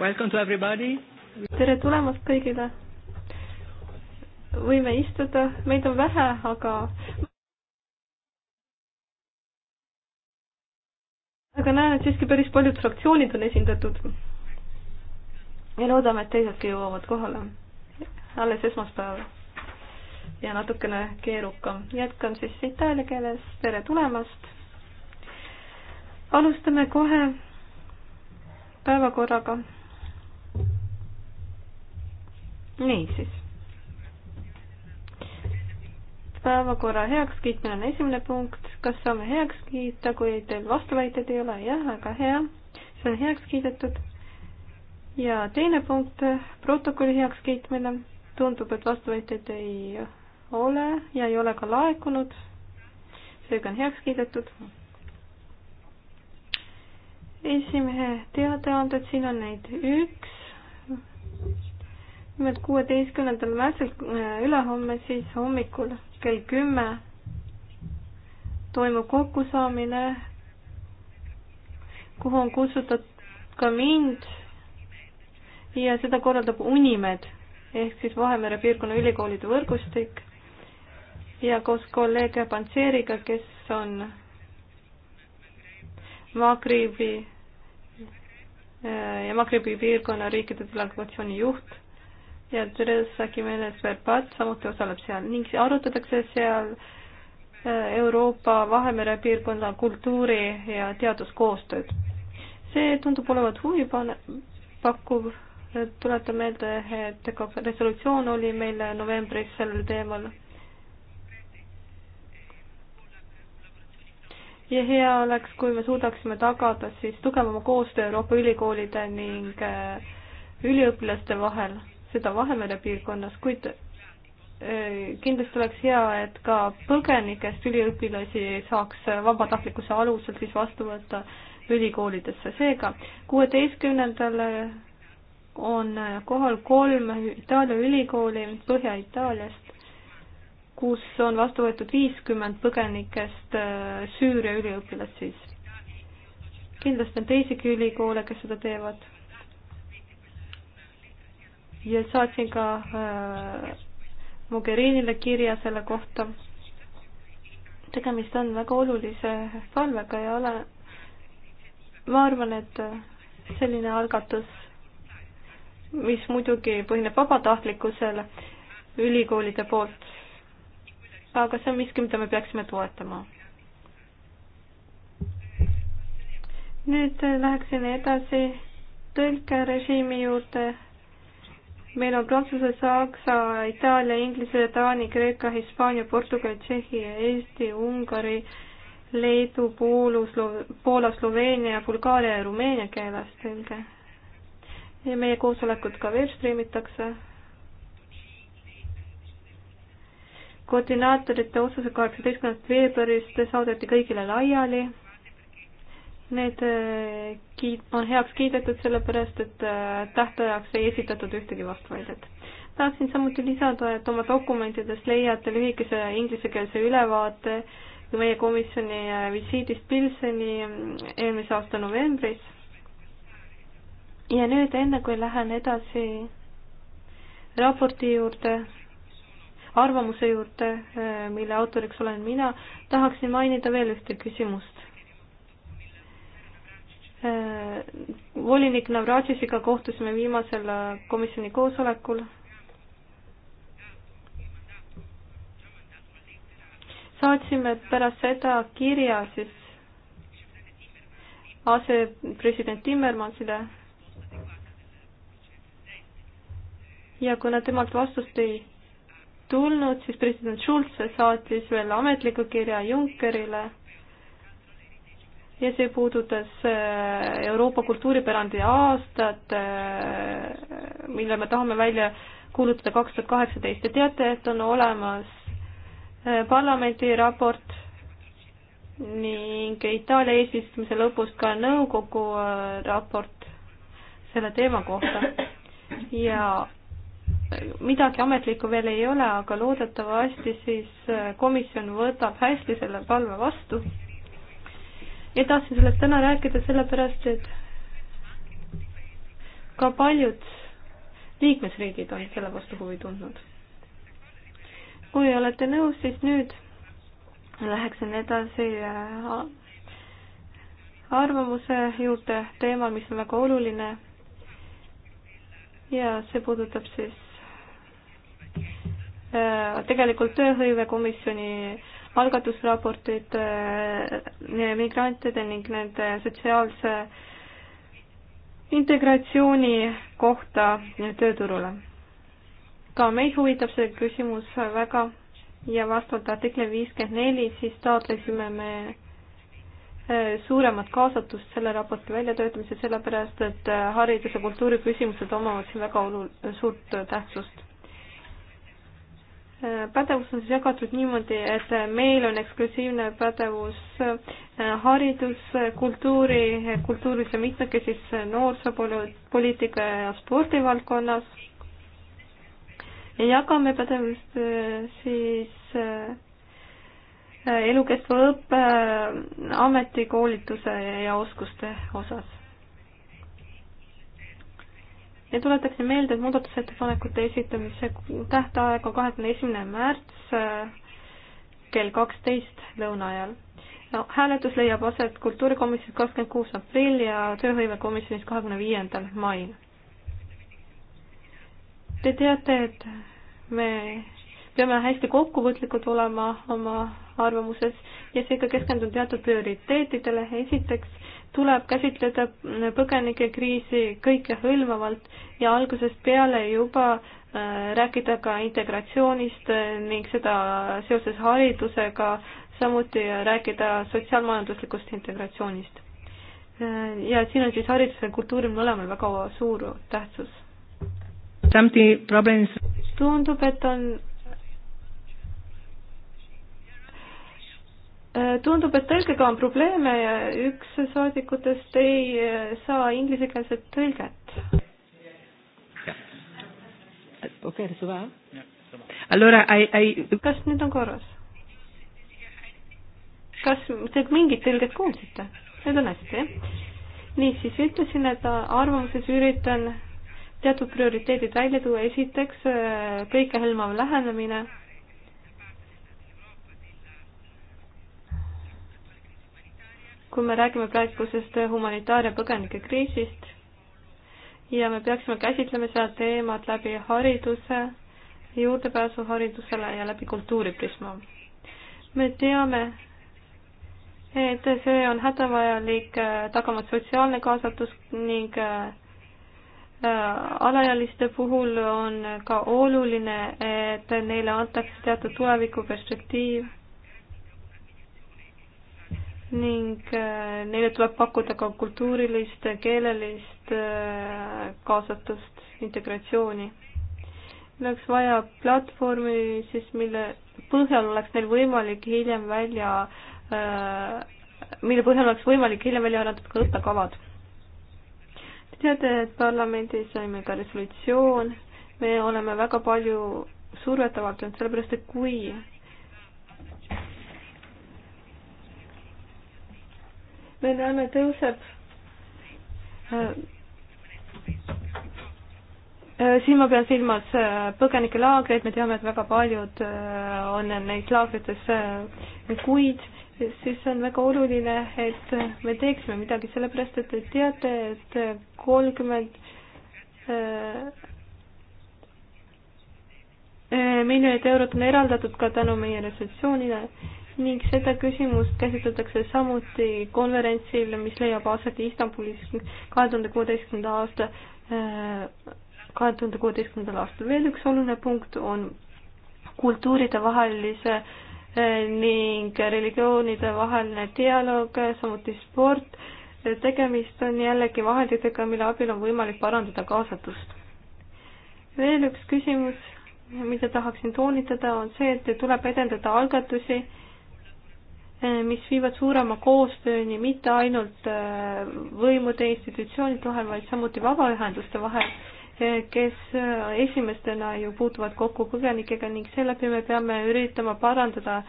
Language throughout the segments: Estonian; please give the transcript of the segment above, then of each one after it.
Welcome to everybody. tere tulemast kõigile. võime istuda, meid on vähe, aga aga näen, et siiski päris paljud fraktsioonid on esindatud. ja loodame, et teisedki jõuavad kohale alles esmaspäeval. ja natukene keerukam. jätkan siis itaalia keeles. tere tulemast. alustame kohe päevakorraga niisiis. päevakorra heakskiitmine on esimene punkt, kas saame heaks kiita, kui teil vastuväiteid ei ole, jah, väga hea, see on heaks kiidetud. ja teine punkt, protokolli heakskiitmine, tundub, et vastuväiteid ei ole ja ei ole ka laekunud, seega on heaks kiidetud. esimehe teadaanded, siin on neid üks, nimelt kuueteistkümnendal märtsil äh, ülehomme siis hommikul kell kümme toimub kokkusaamine, kuhu on kutsutud ka mind ja seda korraldab Unimed ehk siis Vahemere piirkonna ülikoolide võrgustik ja koos kolleeg Pantseriga, kes on Magribi äh, ja Magribi piirkonna riikide delegatsiooni juht ja Theresa Jimenez Verbat samuti osaleb seal ning arutatakse seal äh, Euroopa Vahemere piirkonna kultuuri ja teaduskoostööd. see tundub olevat huvipakkuv, tuletan meelde, et ka resolutsioon oli meil novembris sellel teemal. ja hea oleks, kui me suudaksime tagada siis tugevama koostöö Euroopa ülikoolide ning äh, üliõpilaste vahel seda Vahemere piirkonnas, kuid kindlasti oleks hea, et ka põgenikest üliõpilasi saaks vabatahtlikkuse alusel siis vastu võtta ülikoolidesse. seega kuueteistkümnendal on kohal kolm Itaalia ülikooli Põhja-Itaaliast, kus on vastu võetud viiskümmend põgenikest Süüria üliõpilast siis. kindlasti on teisigi ülikoole, kes seda teevad ja saatsin ka äh, Mogherinile kirja selle kohta. tegemist on väga olulise palvega ja olen, ma arvan, et selline algatus, mis muidugi põhineb vabatahtlikkusel ülikoolide poolt, aga see on miski, mida me peaksime toetama. nüüd läheksin edasi tõlkerežiimi juurde meil on prantsuse, saksa, itaalia, inglise, taani, kreeka, hispaania, portugal, Tšehhi, Eesti, Ungari, Leedu, Poolu, Slo-, Poola, Sloveenia, Bulgaaria ja Rumeenia keeles, selge. ja meie koosolekut ka veel striimitakse. koordinaatorite otsuse kaheksateistkümnendast veebruarist saadeti kõigile laiali Need eh, kiit-, on heaks kiidetud, sellepärast et eh, tähtajaks ei esitatud ühtegi vastuväidet. tahaksin samuti lisada, et oma dokumentides leiate lühikese inglisekeelse ülevaate meie komisjoni eh, visiidist Pilseni mm, eelmise aasta novembris. ja nüüd, enne kui lähen edasi raporti juurde, arvamuse juurde, mille autoriks olen mina, tahaksin mainida veel ühte küsimust Äh, volinik Navratšisiga kohtusime viimasel äh, komisjoni koosolekul. saatsime pärast seda kirja siis asepresident Timmermansile. ja kuna temalt vastust ei tulnud, siis president Schulz saatis veel ametliku kirja Junckerile ja see puudutas äh, Euroopa kultuuripärandi aastat, äh, mille me tahame välja kuulutada kaks tuhat kaheksateist ja teate, et on olemas äh, parlamendi raport ning Itaalia eesistumise lõpus ka nõukogu raport selle teema kohta ja midagi ametlikku veel ei ole, aga loodetavasti siis komisjon võtab hästi selle palve vastu ja tahtsin sellest täna rääkida sellepärast, et ka paljud liikmesriigid on selle vastu huvi tundnud. kui olete nõus, siis nüüd läheksin edasi äh, arvamuse juurde teemal, mis on väga oluline ja see puudutab siis äh, tegelikult tööhõivekomisjoni algatusraportid äh, migrantide ning nende sotsiaalse integratsiooni kohta tööturule. ka meid huvitab see küsimus väga ja vastavalt artikli viiskümmend neli siis taotlesime me äh, suuremat kaasatust selle raporti väljatöötamisel, sellepärast et äh, haridus- ja kultuuriküsimused omavad siin väga olul-, suurt tähtsust pädevus on siis jagatud niimoodi, et meil on eksklusiivne pädevus äh, haridus, kultuuri, kultuurilise mitmekesise noorsoopoliitika ja spordivaldkonnas. ja jagame pädevust äh, siis äh, elukestva õppe, ametikoolituse ja oskuste osas ja tuletaksin meelde, et muudatusettepanekute esitamise tähtaeg on kahekümne esimene märts äh, kell kaksteist lõuna ajal. no hääletus leiab aset kultuurikomisjonis kakskümmend kuus aprill ja tööhõivekomisjonis kahekümne viiendal mail. Te teate, et me peame hästi kokkuvõtlikud olema oma arvamuses ja seega keskendun teatud prioriteetidele. esiteks tuleb käsitleda põgenikekriisi kõikehõlmavalt ja algusest peale juba äh, rääkida ka integratsioonist äh, ning seda seoses haridusega, samuti rääkida sotsiaalmajanduslikust integratsioonist. Äh, ja siin on siis haridusel ja kultuuril mõlemal väga suur tähtsus. tundub, et on Äh, tundub, et tõlkega on probleeme ja üks saadikutest ei äh, saa inglisekeelset tõlget. okei, see on hea. kas nüüd on korras? kas te mingit tõlget kuulsite? nüüd on hästi, jah? niisiis, ütlesin, et arvamuses üritan teatud prioriteedid välja tuua, esiteks äh, kõikehõlmav lähenemine kui me räägime praegusest humanitaar- ja põgenikekriisist ja me peaksime käsitlema seda teemat läbi hariduse, juurdepääsu haridusele ja läbi kultuuriprisma. me teame, et see on hädavajalik, äh, tagamaks sotsiaalne kaasatus ning äh, äh, alaealiste puhul on ka oluline, et neile antakse teatud tulevikuperspektiiv ning äh, neile tuleb pakkuda ka kultuurilist, keelelist äh, kaasatust, integratsiooni. oleks vaja platvormi siis, mille põhjal oleks neil võimalik hiljem välja, äh, mille põhjal oleks võimalik hiljem välja arendada ka õppekavad. Te teate, et parlamendis saime ka resolutsioon, me oleme väga palju survet avaldanud, sellepärast et kui me näeme, tõuseb. Äh, äh, siin ma pean silmas äh, põgenikelaagreid, me teame, et väga paljud on neis laagrites kuid, siis on väga oluline, et me teeksime midagi, sellepärast et te teate, et kolmkümmend miljonit eurot on eraldatud ka tänu meie resolutsioonile ning seda küsimust käsitletakse samuti konverentsil, mis leiab aset Istanbulis kahe tuhande kuueteistkümnenda aasta, äh, kahe tuhande kuueteistkümnendal aastal. veel üks oluline punkt on kultuuride vahelise äh, ning religioonide vaheline dialoog, samuti sport. tegemist on jällegi vahenditega, mille abil on võimalik parandada kaasatust. veel üks küsimus mida tahaksin toonitada, on see, et tuleb edendada algatusi, Eh, mis viivad suurema koostööni mitte ainult eh, võimude institutsioonide vahel, vaid samuti vabaühenduste vahel, eh, kes esimestena ju puutuvad kokku põgenikega ning seeläbi me peame üritama parandada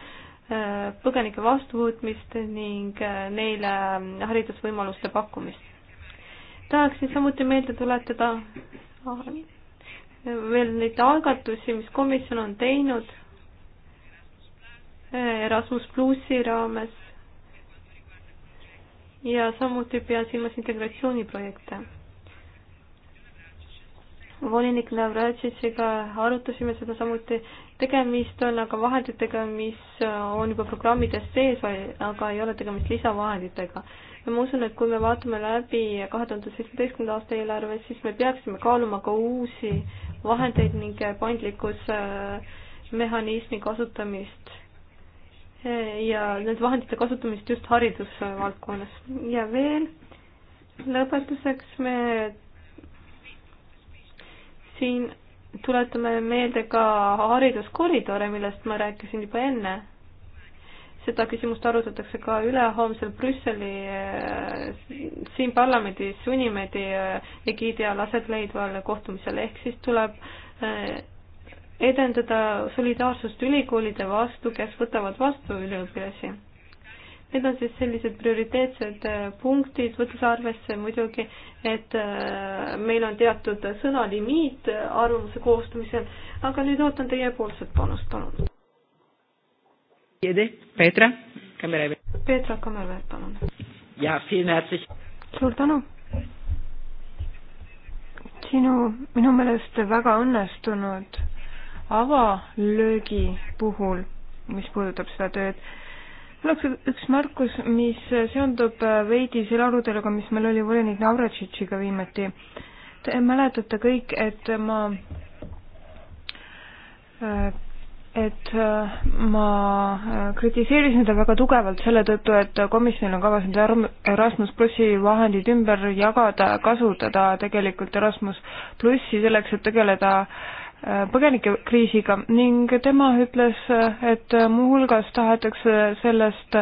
põgenike vastuvõtmist ning neile mm, haridusvõimaluste pakkumist. tahaksin samuti meelde tuletada ah, veel neid algatusi, mis komisjon on teinud Erasmus plussi raames ja samuti pea silmas integratsiooniprojekte. volinik Navratšitšiga arutasime seda samuti, tegemist on aga vahenditega, mis on juba programmides sees, aga ei ole tegemist lisavahenditega. ja ma usun, et kui me vaatame läbi kahe tuhande seitsmeteistkümnenda aasta eelarve, siis me peaksime kaaluma ka uusi vahendeid ning paindlikkuse äh, mehhanismi kasutamist ja nende vahendite kasutamist just haridusvaldkonnas. ja veel lõpetuseks me siin tuletame meelde ka hariduskoridore, millest ma rääkisin juba enne. seda küsimust arutatakse ka ülehomsel Brüsseli eh, siin parlamendis Unimedi eh, egiidi all aset leidval kohtumisel, ehk siis tuleb eh, edendada solidaarsust ülikoolide vastu, kes võtavad vastu üliõpilasi. Need on siis sellised prioriteetsed äh, punktid, võttes arvesse muidugi, et äh, meil on teatud sõnalimiit äh, arvamuse koostamisel, aga nüüd ootan teiepoolset panust, palun. Peetra Kammerveer. Peetra Kammerveer, palun. jaa, suur tänu sinu minu meelest väga õnnestunud avalöögi puhul, mis puudutab seda tööd. mul oleks üks märkus, mis seondub veidi selle aruteluga, mis meil oli volinik Navratšitšiga viimati. Te mäletate kõik, et ma, et ma kritiseerisin teda väga tugevalt selle tõttu, et komisjonil on kavas nüüd erm-, Erasmus plussi vahendid ümber jagada, kasutada tegelikult Erasmus plussi selleks, et tegeleda äh, Äh, põgenikekriisiga ning tema ütles, et muuhulgas tahetakse sellest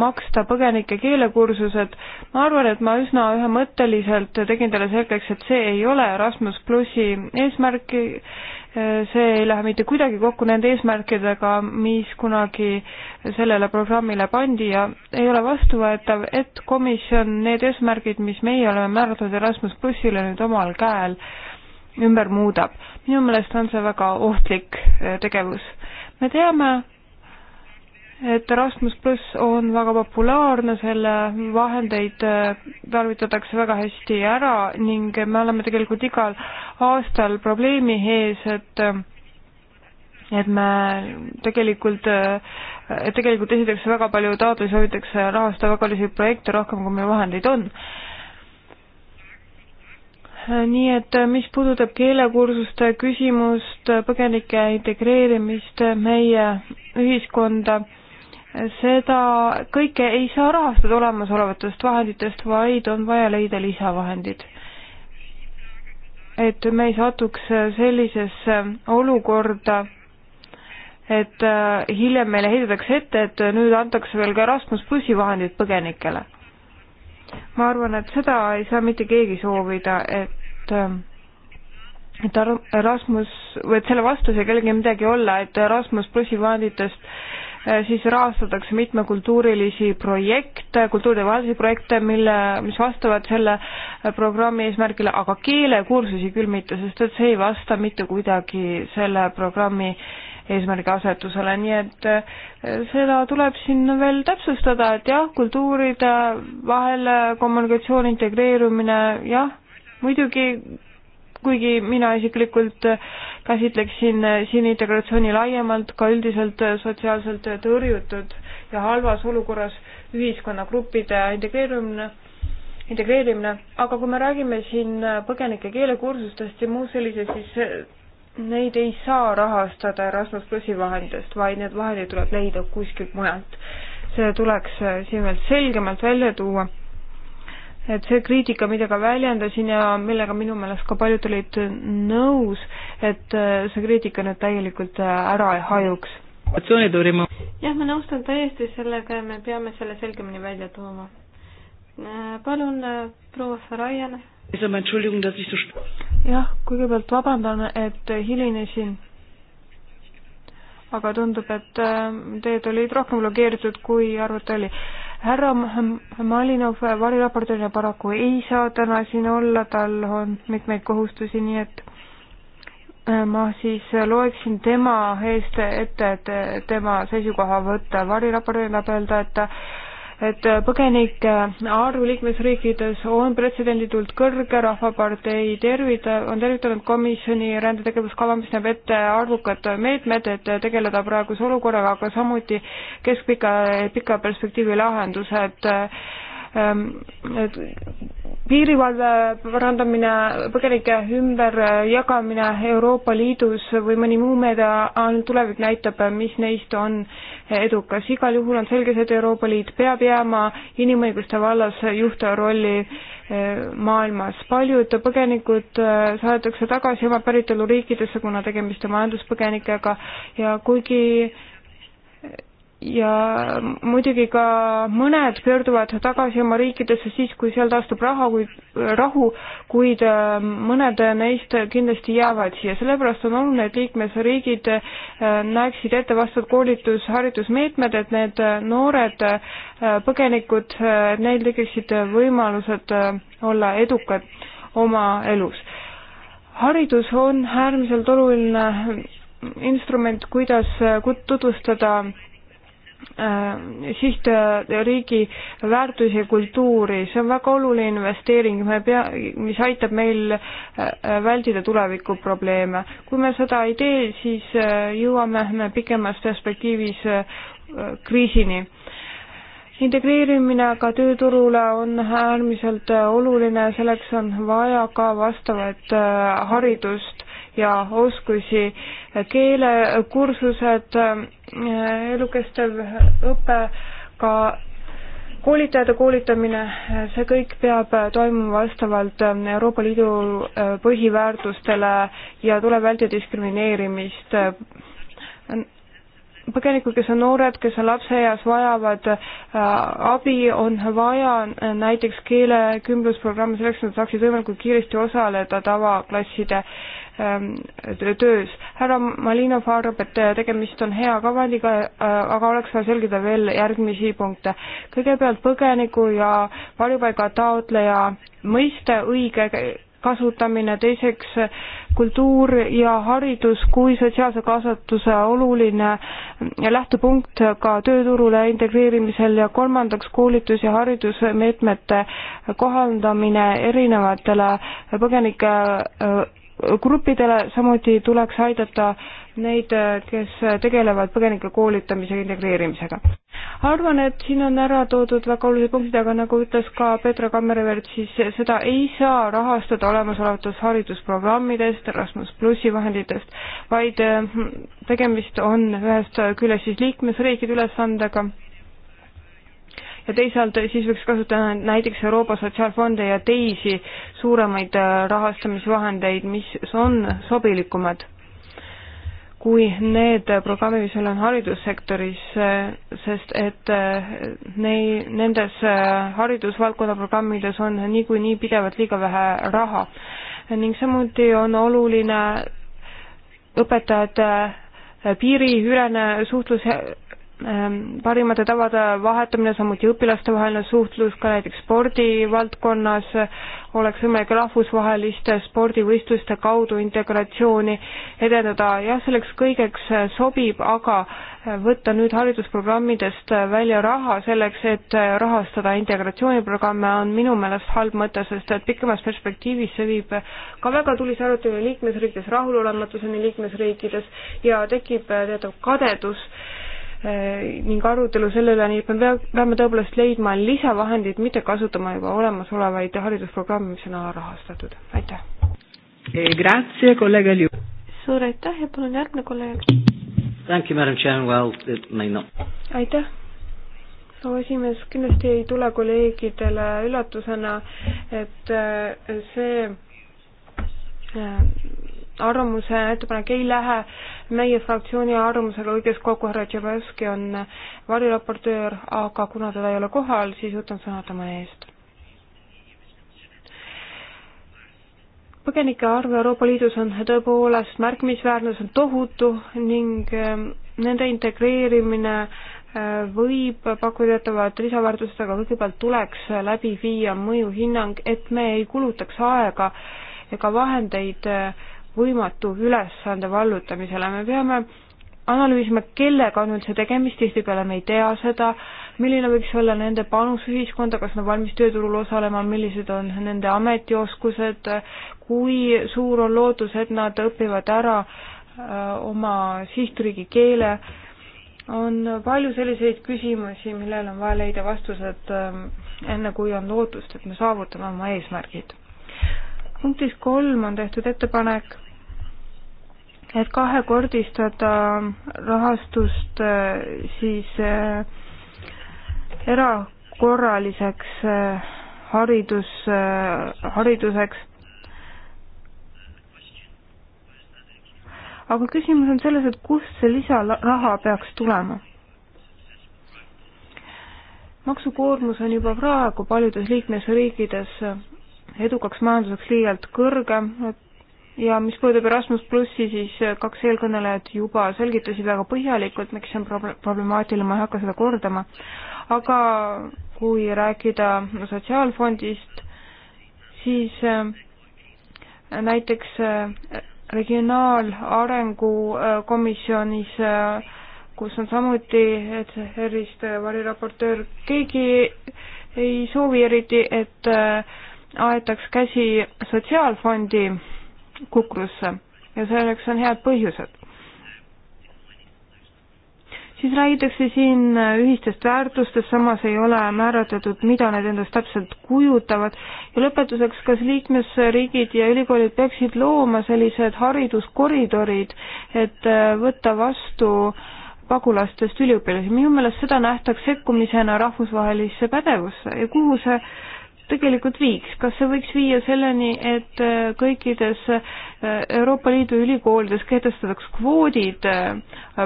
maksta põgenike keelekursused. ma arvan, et ma üsna ühemõtteliselt tegin talle selgeks, et see ei ole Erasmus plussi eesmärk, äh, see ei lähe mitte kuidagi kokku nende eesmärkidega, mis kunagi sellele programmile pandi ja ei ole vastuvõetav, et komisjon need eesmärgid, mis meie oleme määratud Erasmus plussile nüüd omal käel äh, ümber muudab. minu meelest on see väga ohtlik äh, tegevus. me teame, et Erasmus pluss on väga populaarne, selle vahendeid äh, tarvitatakse väga hästi ära ning me oleme tegelikult igal aastal probleemi ees, et äh, et me tegelikult, tegelikult esitatakse väga palju taotlusi, soovitakse rahastada väga paljusid projekte rohkem, kui meil vahendeid on nii et äh, mis puudutab keelekursuste küsimust, äh, põgenike integreerimist äh, meie ühiskonda, seda kõike ei saa rahastada olemasolevatest vahenditest, vaid on vaja leida lisavahendid. et me ei satuks sellisesse olukorda, et hiljem meile heidetakse ette, et nüüd antakse veel ka Erasmus plussi vahendid põgenikele ma arvan, et seda ei saa mitte keegi soovida, et ähm, et Rasmus, või et selle vastu ei saa kellelgi midagi olla, et Rasmus plussi vahenditest äh, siis rahastatakse mitmekultuurilisi projekte, kultuurivahelisi projekte, mille, mis vastavad selle äh, programmi eesmärgile, aga keelekursusi küll mitte, sest et see ei vasta mitte kuidagi selle programmi eesmärgiasetusele, nii et eh, seda tuleb siin veel täpsustada, et jah, kultuuride vahel eh, kommunikatsiooni integreerumine, jah, muidugi kuigi mina isiklikult eh, käsitleksin siin integratsiooni laiemalt ka üldiselt sotsiaalselt tõrjutud ja halvas olukorras ühiskonnagruppide integreerumine, integreerimine, aga kui me räägime siin põgenike keelekursustest ja muust sellisest, siis neid ei saa rahastada Erasmus plussi vahenditest, vaid need vahendid tuleb leida kuskilt mujalt. see tuleks äh, siin veel selgemalt välja tuua. et see kriitika, mida ka väljendasin ja millega minu meelest ka paljud olid nõus, et äh, see kriitika nüüd täielikult äh, ära ei hajuks. jah, ma nõustun täiesti sellega ja me peame selle selgemini välja tooma. palun, proua Farajan jah, kõigepealt vabandan, et hilinesin. aga tundub, et äh, teed olid rohkem blokeeritud, kui arvata oli. härra Malinov variraportöörina paraku ei saa täna siin olla, tal on mitmeid kohustusi, nii et äh, ma siis loeksin tema eest ette, et tema seisukoha võtta variraportöörina öelda, et et põgenike arv liikmesriikides on pretsedenditult kõrge, Rahvapartei tervita-, on tervitanud komisjoni rändetegevuskava, mis näeb ette arvukad meetmed, et tegeleda praeguse olukorraga, aga samuti keskpika, pika perspektiivi lahendused et piirivalve parandamine, põgenike ümberjagamine Euroopa Liidus või mõni muu meede, ainult tulevik näitab, mis neist on edukas. igal juhul on selge see, et Euroopa Liit peab jääma inimõiguste vallas juhtrolli eh, maailmas. paljud põgenikud eh, saadetakse tagasi oma päritoluriikidesse, kuna tegemist on majanduspõgenikega ja kuigi ja muidugi ka mõned pöörduvad tagasi oma riikidesse siis, kui seal taastub raha, kuid, rahu, kuid äh, mõned neist kindlasti jäävad siia, sellepärast on oluline, et liikmesriigid äh, näeksid ette vastavad koolitus, haridusmeetmed, et need äh, noored põgenikud, neil tekiksid võimalused olla edukad oma elus. haridus on äärmiselt oluline instrument, kuidas tutvustada Äh, sihtriigi väärtusi ja kultuuri, see on väga oluline investeering, me pea, mis aitab meil äh, vältida tulevikuprobleeme. kui me seda ei tee, siis äh, jõuame me pikemas perspektiivis kriisini. integreerimine aga tööturule on äärmiselt oluline, selleks on vaja ka vastavat haridust ja oskusi, keelekursused, elukestev õpe, ka koolitajate koolitamine, see kõik peab toimuma vastavalt Euroopa Liidu põhiväärtustele ja tuleb vältida diskrimineerimist põgenikud, kes on noored, kes on lapseeas, vajavad äh, abi, on vaja näiteks keelekümblusprogramme selleks, et nad saaksid võimalikult kiiresti osaleda tavaklasside äh, Ähm, töös. härra Malinov arvab, et äh, tegemist on hea kavandiga, äh, aga oleks vaja selgida veel järgmisi punkte. kõigepealt põgeniku ja varjupaiga taotleja mõiste õige kasutamine, teiseks kultuur ja haridus kui sotsiaalse kaasatuse oluline lähtepunkt ka tööturule integreerimisel ja kolmandaks koolitus- ja haridusmeetmete kohandamine erinevatele põgenike äh, gruppidele, samuti tuleks aidata neid, kes tegelevad põgenike koolitamise ja integreerimisega. arvan, et siin on ära toodud väga olulised punktid, aga nagu ütles ka Petra Kammerevert, siis seda ei saa rahastada olemasolevatest haridusprogrammidest, Erasmus plussi vahenditest, vaid mm, tegemist on ühest küljest siis liikmesriikide ülesandega ja teisalt eh, siis võiks kasutada näiteks Euroopa Sotsiaalfonde ja teisi suuremaid eh, rahastamisvahendeid, mis on sobilikumad kui need programmid, mis meil on haridussektoris, eh, sest et nei-, nendes haridusvaldkonna programmides on niikuinii pidevalt liiga vähe raha ning samuti on oluline õpetajate piiriülene suhtlus Ähm, parimate tavade vahetamine, samuti õpilastevaheline suhtlus ka näiteks spordivaldkonnas, oleks võimalik rahvusvaheliste spordivõistluste kaudu integratsiooni edendada. jah, selleks kõigeks sobib, aga võtta nüüd haridusprogrammidest välja raha selleks, et rahastada integratsiooniprogramme, on minu meelest halb mõte, sest et pikemas perspektiivis see viib ka väga tulise arutelu liikmesriikides, rahulolematuseni liikmesriikides ja tekib teatav kadedus Äh, ning arutelu selle üle, nii et me peame tõepoolest leidma lisavahendeid, mitte kasutama juba olemasolevaid haridusprogramme, mis on alarahastatud. aitäh! Eh, suur aitäh ja palun järgmine kolleeg. Well, aitäh! proua esimees, kindlasti ei tule kolleegidele üllatusena, et äh, see äh, arvamuse ettepanek ei lähe meie fraktsiooni arvamusega õiges kokku, härra Tšebevski on variraportöör, aga kuna teda ei ole kohal, siis võtan sõna tema eest. põgenike arv Euroopa Liidus on tõepoolest märkimisväärne, see on tohutu ning ehm, nende integreerimine ehm, võib pakkuda teatavat lisaväärtust, aga kõigepealt tuleks läbi viia mõjuhinnang, et me ei kulutaks aega ega vahendeid äh, võimatu ülesande vallutamisele, me peame analüüsima, kellega on üldse tegemist, tihtipeale me ei tea seda, milline võiks olla nende panus ühiskonda, kas nad on valmis tööturul osalema, millised on nende ametioskused, kui suur on lootus, et nad õpivad ära äh, oma sihtriigi keele, on palju selliseid küsimusi, millele on vaja leida vastused äh, enne, kui on lootust, et me saavutame oma eesmärgid. punktis kolm on tehtud ettepanek et kahekordistada rahastust äh, siis äh, erakorraliseks äh, haridus, hariduseks. aga küsimus on selles, et kust see lisaraha peaks tulema? maksukoormus on juba praegu paljudes liikmesriikides edukaks majanduseks liialt kõrge, et ja mis puudutab Erasmus plussi, siis äh, kaks eelkõnelejat juba selgitasid väga põhjalikult, miks see on problemaatiline, ma ei hakka seda kordama. aga kui rääkida sotsiaalfondist, siis äh, näiteks äh, regionaalarengu komisjonis, kus on samuti ECR-ist variraportöör, keegi ei soovi eriti, et aetaks käsi sotsiaalfondi kukrusse ja selleks on head põhjused. siis räägitakse siin ühistest väärtustest, samas ei ole määratletud, mida need endast täpselt kujutavad ja lõpetuseks, kas liikmesriigid ja ülikoolid peaksid looma sellised hariduskoridorid, et äh, võtta vastu pagulastest üliõpilasi, minu meelest seda nähtaks sekkumisena rahvusvahelisse pädevusse ja kuhu see tegelikult viiks, kas see võiks viia selleni, et äh, kõikides äh, Euroopa Liidu ülikoolides kehtestataks kvoodid äh,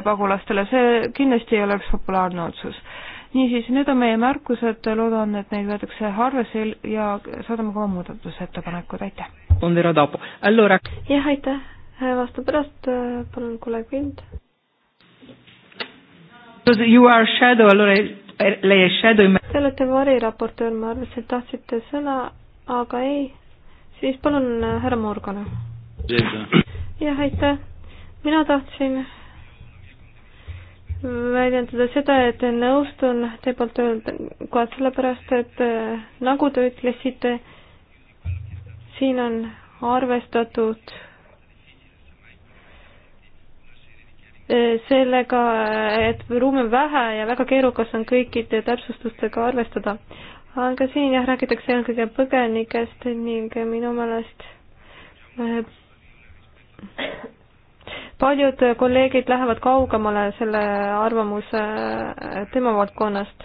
pagulastele, see kindlasti ei oleks populaarne otsus. niisiis, need on meie märkused, loodan, et neid võetakse arvesse ja saadame ka oma muudatusettepanekud, aitäh! jah, aitäh, vastu pärast, palun, kolleeg Vind. You are shadow, allora Te olete variraportöör, ma arvasin, et tahtsite sõna, aga ei. siis palun äh, härra Morgana. jah, aitäh. mina tahtsin väljendada seda, et nõustun teie poolt öelduga, sellepärast et äh, nagu te ütlesite, siin on arvestatud sellega, et ruumi on vähe ja väga keerukas on kõikide täpsustustega arvestada. aga siin jah, räägitakse eelkõige põgenikest ning minu meelest äh, paljud kolleegid lähevad kaugemale selle arvamuse äh, tema valdkonnast.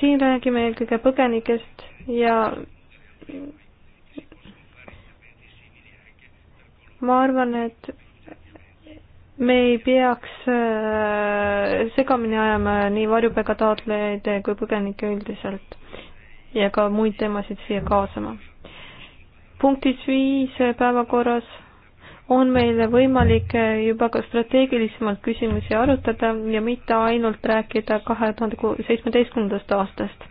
siin räägime eelkõige põgenikest ja ma arvan, et me ei peaks äh, segamini ajama nii varjupaigataotlejaid kui põgenikke üldiselt ja ka muid teemasid siia kaasama. punktis viis päevakorras on meil võimalik juba ka strateegilisemalt küsimusi arutada ja mitte ainult rääkida kahe tuhande seitsmeteistkümnendast aastast.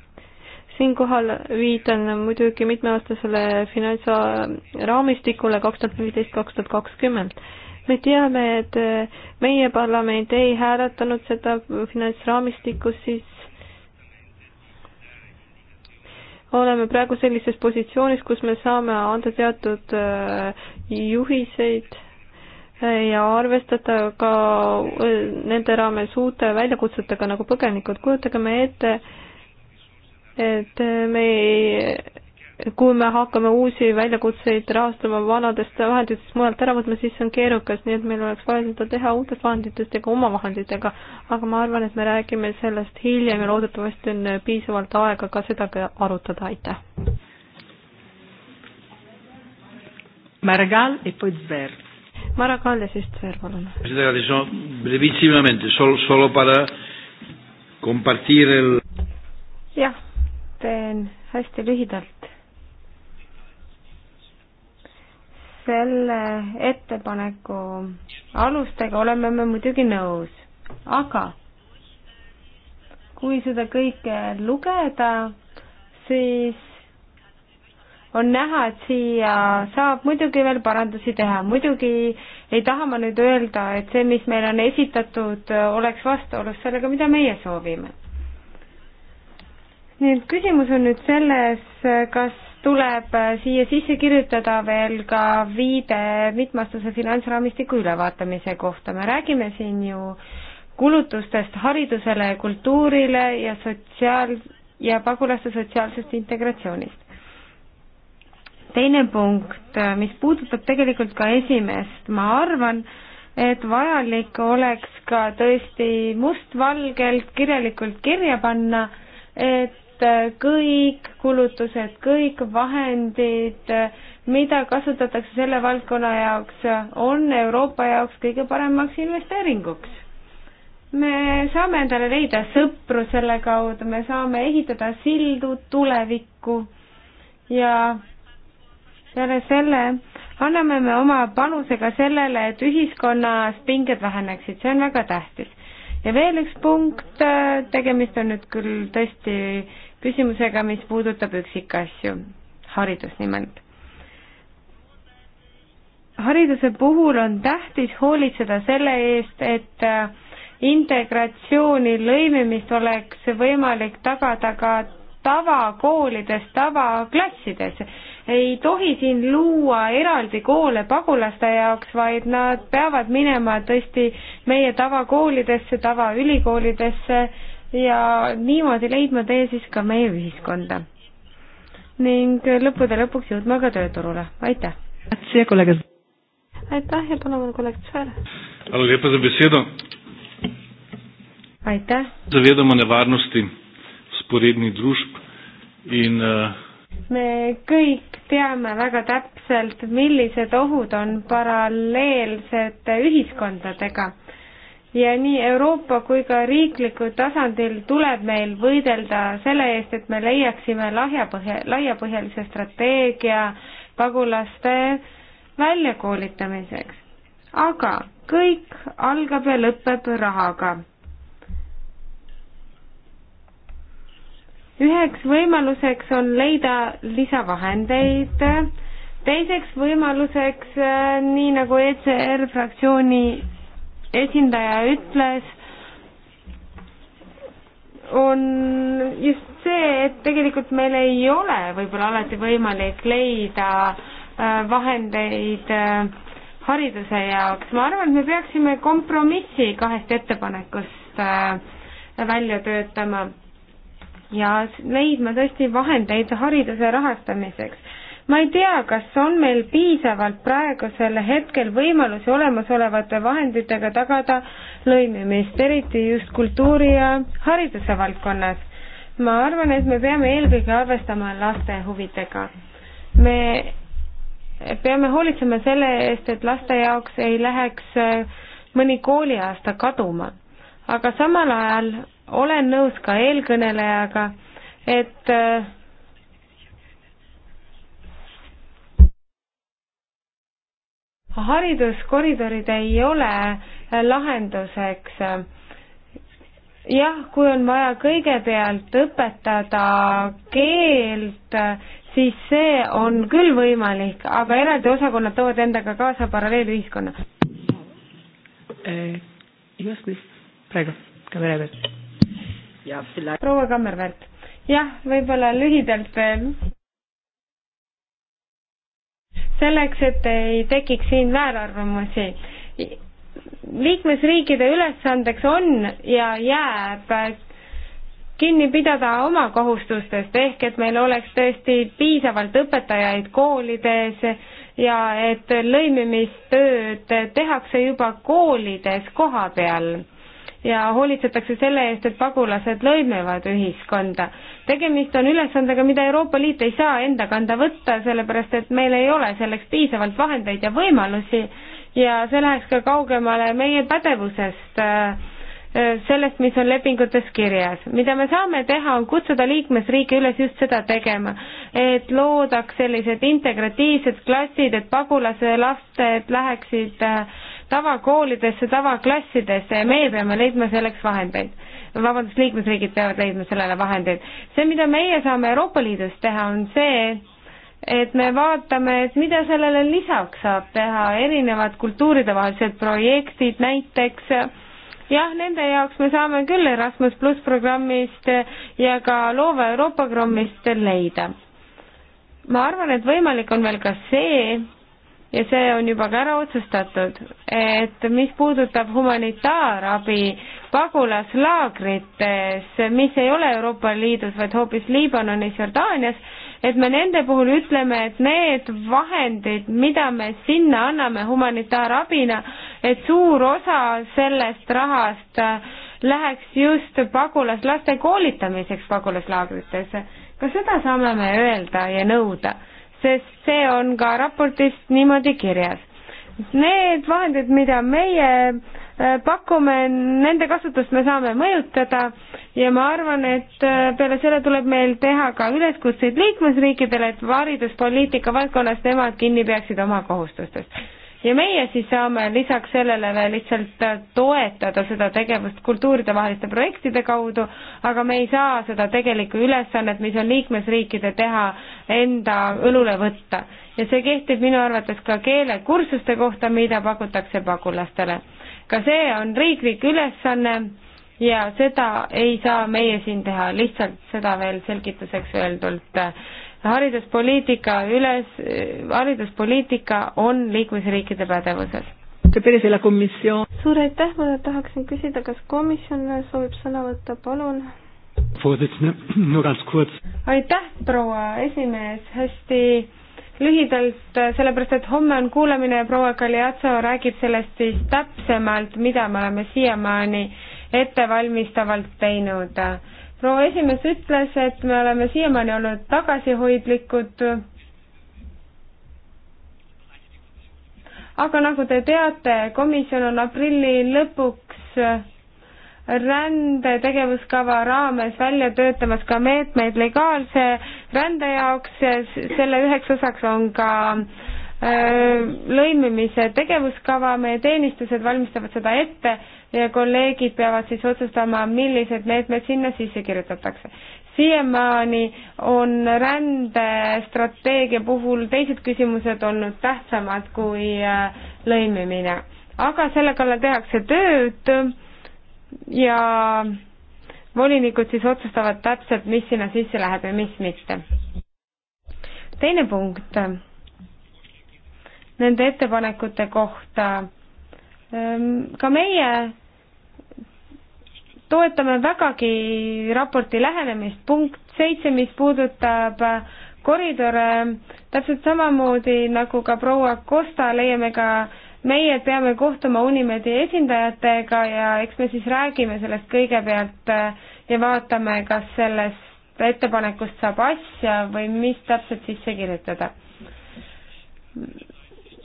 siinkohal viitan muidugi mitmeaastasele finantsraamistikule kaks tuhat neliteist, kaks tuhat kakskümmend me teame, et äh, meie parlament ei hääletanud seda finantsraamistikus, siis oleme praegu sellises positsioonis, kus me saame anda teatud äh, juhiseid äh, ja arvestada ka nende raames uute väljakutsetega nagu põgenikud. kujutagem ette, et me ei kui me hakkame uusi väljakutseid rahastama vanadest vahenditest mujalt ära võtma, siis see on keerukas, nii et meil oleks vaja seda teha uutest vahenditest ega oma vahenditega. aga ma arvan, et me räägime sellest hiljem ja loodetavasti on piisavalt aega ka seda arutada, aitäh. Maragall e poi Zver. Maragall ja siis Zver, palun. jah, teen hästi lühidalt selle ettepaneku alustega oleme me muidugi nõus, aga kui seda kõike lugeda, siis on näha, et siia saab muidugi veel parandusi teha, muidugi ei taha ma nüüd öelda, et see, mis meile on esitatud, oleks vastuolus sellega, mida meie soovime. nii et küsimus on nüüd selles, kas tuleb äh, siia sisse kirjutada veel ka viide mitmeaastase finantsraamistiku ülevaatamise kohta. me räägime siin ju kulutustest haridusele ja kultuurile ja sotsiaal- ja pagulaste sotsiaalsest integratsioonist. teine punkt, äh, mis puudutab tegelikult ka esimest, ma arvan, et vajalik oleks ka tõesti mustvalgelt kirjalikult kirja panna, et Äh, kõik kulutused, kõik vahendid, mida kasutatakse selle valdkonna jaoks, on Euroopa jaoks kõige paremaks investeeringuks. me saame endale leida sõpru selle kaudu, me saame ehitada sildu tulevikku ja peale selle anname me oma panuse ka sellele, et ühiskonnas pinged väheneksid, see on väga tähtis. ja veel üks punkt, äh, tegemist on nüüd küll tõesti küsimusega, mis puudutab üksikasju, haridus nimelt. hariduse puhul on tähtis hoolitseda selle eest, et äh, integratsiooni lõimimist oleks võimalik tagada ka tavakoolides, tavaklassides. ei tohi siin luua eraldi koole pagulaste jaoks, vaid nad peavad minema tõesti meie tavakoolidesse, tavaülikoolidesse ja niimoodi leidma tee siis ka meie ühiskonda ning lõppude lõpuks jõudma ka tööturule, aitäh! aitäh ja palun kolleeg Tšer! aitäh! Eh, me kõik teame väga täpselt, millised ohud on paralleelsete ühiskondadega ja nii Euroopa kui ka riiklikul tasandil tuleb meil võidelda selle eest, et me leiaksime lahjapõhja, laiapõhjalise strateegia pagulaste väljakoolitamiseks. aga kõik algab ja lõpeb rahaga. üheks võimaluseks on leida lisavahendeid teiseks võimaluseks, eh, nii nagu ECR fraktsiooni esindaja ütles, on just see, et tegelikult meil ei ole võib-olla alati võimalik leida äh, vahendeid äh, hariduse jaoks. ma arvan, et me peaksime kompromissi kahest ettepanekust äh, välja töötama ja leidma tõesti vahendeid hariduse rahastamiseks ma ei tea, kas on meil piisavalt praegusel hetkel võimalusi olemasolevate vahenditega tagada lõimimist, eriti just kultuuri ja hariduse valdkonnas. ma arvan, et me peame eelkõige arvestama laste huvidega. me peame hoolitsema selle eest, et laste jaoks ei läheks äh, mõni kooliaasta kaduma. aga samal ajal olen nõus ka eelkõnelejaga, et äh, hariduskoridorid ei ole äh, lahenduseks. jah, kui on vaja kõigepealt õpetada keelt, siis see on küll võimalik, aga eraldi osakonnad toovad endaga kaasa paralleelühiskonna. Eh, just, mis praegu, kamera peal. proua Kammervärt, jah, võib-olla lühidalt veel selleks, et ei tekiks siin väärarvamusi. liikmesriikide ülesandeks on ja jääb kinni pidada oma kohustustest, ehk et meil oleks tõesti piisavalt õpetajaid koolides ja et lõimimistööd tehakse juba koolides koha peal ja hoolitsetakse selle eest, et pagulased lõimevad ühiskonda. tegemist on ülesandega, mida Euroopa Liit ei saa enda kanda võtta, sellepärast et meil ei ole selleks piisavalt vahendeid ja võimalusi ja see läheks ka kaugemale meie pädevusest äh, sellest, mis on lepingutes kirjas. mida me saame teha, on kutsuda liikmesriike üles just seda tegema, et loodaks sellised integratiivsed klassid, et pagulase lasted läheksid äh, tavakoolidesse, tavaklassidesse ja meie peame leidma selleks vahendeid. vabandust, liikmesriigid peavad leidma sellele vahendeid. see, mida meie saame Euroopa Liidus teha, on see, et me vaatame, et mida sellele lisaks saab teha, erinevad kultuuridevahelised projektid näiteks, jah, nende jaoks me saame küll Erasmus pluss programmist ja ka Loova Euroopa programmist leida. ma arvan, et võimalik on veel ka see, ja see on juba ka ära otsustatud, et mis puudutab humanitaarabi pagulaslaagrites, mis ei ole Euroopa Liidus, vaid hoopis Liibanonis, Jordaanias, et me nende puhul ütleme, et need vahendid, mida me sinna anname humanitaarabina, et suur osa sellest rahast läheks just pagulaslaste koolitamiseks pagulaslaagrites. ka seda saame me öelda ja nõuda sest see on ka raportis niimoodi kirjas. Need vahendid, mida meie äh, pakume, nende kasutust me saame mõjutada ja ma arvan, et äh, peale selle tuleb meil teha ka üleskutseid liikmesriikidele, et hariduspoliitika valdkonnas nemad kinni peaksid oma kohustustest ja meie siis saame lisaks sellele lihtsalt toetada seda tegevust kultuuridevaheliste projektide kaudu, aga me ei saa seda tegelikku ülesannet, mis on liikmesriikide teha, enda õlule võtta. ja see kehtib minu arvates ka keelekursuste kohta, mida pakutakse pagulastele. ka see on riiklik ülesanne ja seda ei saa meie siin teha, lihtsalt seda veel selgituseks öeldult äh, hariduspoliitika üles, hariduspoliitika on liikmesriikide pädevuses. suur aitäh, ma tahaksin küsida, kas komisjon soovib sõna võtta, palun? aitäh, proua esimees, hästi lühidalt, sellepärast et homme on kuulamine ja proua Galeazzo räägib sellest siis täpsemalt, mida me oleme siiamaani ettevalmistavalt teinud proua esimees ütles, et me oleme siiamaani olnud tagasihoidlikud. aga nagu te teate, komisjon on aprilli lõpuks rände tegevuskava raames välja töötamas ka meetmeid legaalse rände jaoks, selle üheks osaks on ka äh, Äh, lõimimise tegevuskava, meie teenistused valmistavad seda ette ja kolleegid peavad siis otsustama, millised meetmed sinna sisse kirjutatakse. siiamaani on rändestrateegia puhul teised küsimused olnud tähtsamad kui äh, lõimimine, aga selle kallal tehakse tööd ja volinikud siis otsustavad täpselt, mis sinna sisse läheb ja mis mitte. teine punkt nende ettepanekute kohta. Ehm, ka meie toetame vägagi raporti lähenemist, punkt seitse, mis puudutab koridore, täpselt samamoodi nagu ka proua Costa, leiame ka meie peame kohtuma Unimedi esindajatega ja eks me siis räägime sellest kõigepealt eh, ja vaatame, kas sellest ettepanekust saab asja või mis täpselt sisse kirjutada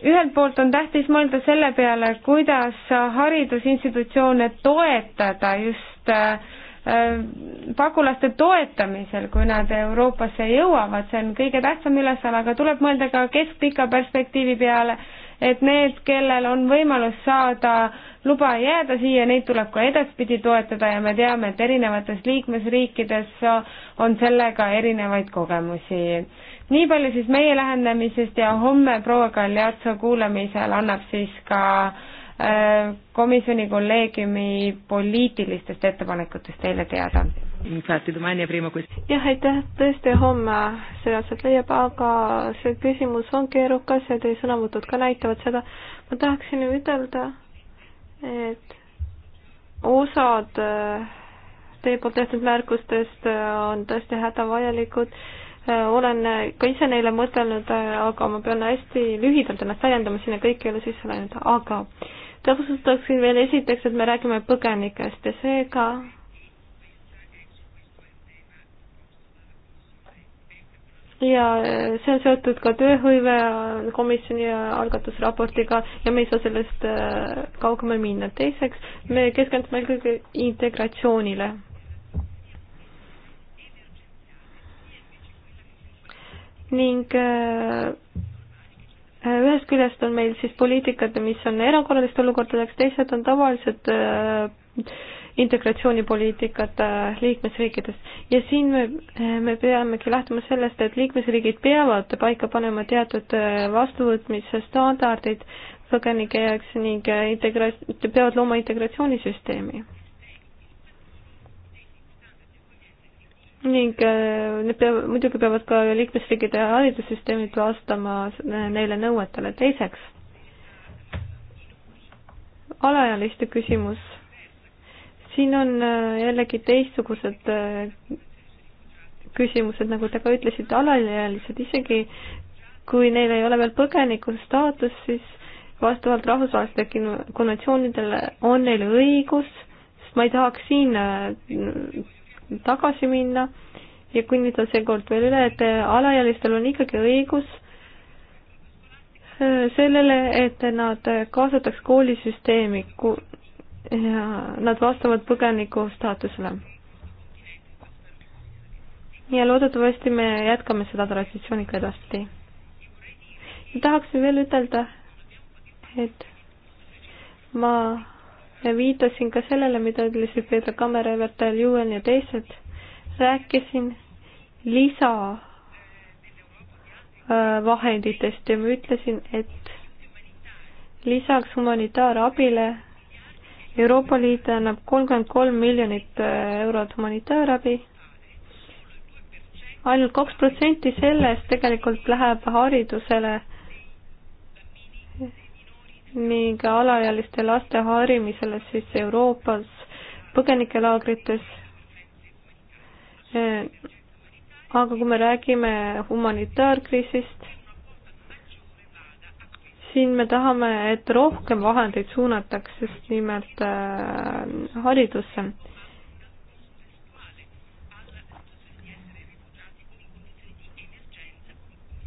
ühelt poolt on tähtis mõelda selle peale, kuidas haridusinstitutsioone toetada just äh, äh, pagulaste toetamisel, kui nad Euroopasse jõuavad, see on kõige tähtsam ülesanne, aga tuleb mõelda ka keskpika perspektiivi peale, et need, kellel on võimalus saada luba jääda siia, neid tuleb ka edaspidi toetada ja me teame, et erinevates liikmesriikides on sellega erinevaid kogemusi nii palju siis meie lähenemisest ja homme proua Galjatso kuulamisel annab siis ka äh, komisjoni kolleegiumi poliitilistest ettepanekutest teile teada. jah, aitäh, tõesti homme see asjad leiab, aga see küsimus on keerukas ja teie sõnavõtud ka näitavad seda. ma tahaksin ütelda, et osad äh, teie poolt tehtud märkustest äh, on tõesti hädavajalikud Äh, olen ka ise neile mõtelnud, äh, aga ma pean hästi lühidalt ennast väljendama, sinna kõik ei ole sisse läinud, aga täpsustaksin veel esiteks, et me räägime põgenikest ja seega ja äh, see on seotud ka tööhõive komisjoni algatusraportiga ja me ei saa sellest kaugemale minna. teiseks, me keskendume eelkõige integratsioonile ning äh, äh, ühest küljest on meil siis poliitikad, mis on erakorraliste olukordadeks, teised on tavalised äh, integratsioonipoliitikat liikmesriikides. ja siin me, me peamegi lähtuma sellest, et liikmesriigid peavad paika panema teatud vastuvõtmise standardid põgenike jaoks ning integra-, peavad looma integratsioonisüsteemi ning äh, need peavad, muidugi peavad ka liikmesriikide haridussüsteemid vastama neile nõuetele. teiseks, alaealiste küsimus. siin on äh, jällegi teistsugused äh, küsimused, nagu te ka ütlesite, alaealised, isegi kui neil ei ole veel põgeniku staatus, siis vastavalt rahvusvahelistele konventsioonidele on neil õigus, sest ma ei tahaks siin tagasi minna ja kinnitan seekord veel üle, et alaealistel on ikkagi õigus äh, sellele, et nad kaasataks koolisüsteemi, nad vastavad põgeniku staatusele. ja loodetavasti me jätkame seda traditsiooni ka edaspidi. tahaksin veel ütelda, et ma viitasin ka sellele, mida ütlesid Peeter Kammer, Evertel, Juhan ja teised, rääkisin lisa äh, vahenditest ja ma ütlesin, et lisaks humanitaarabile Euroopa Liit annab kolmkümmend kolm miljonit äh, eurot humanitaarabi ainult kaks protsenti sellest tegelikult läheb haridusele ning alaealiste laste harimisele siis Euroopas põgenikelaagrites. aga kui me räägime humanitaarkriisist, siin me tahame, et rohkem vahendeid suunatakse just nimelt äh, haridusse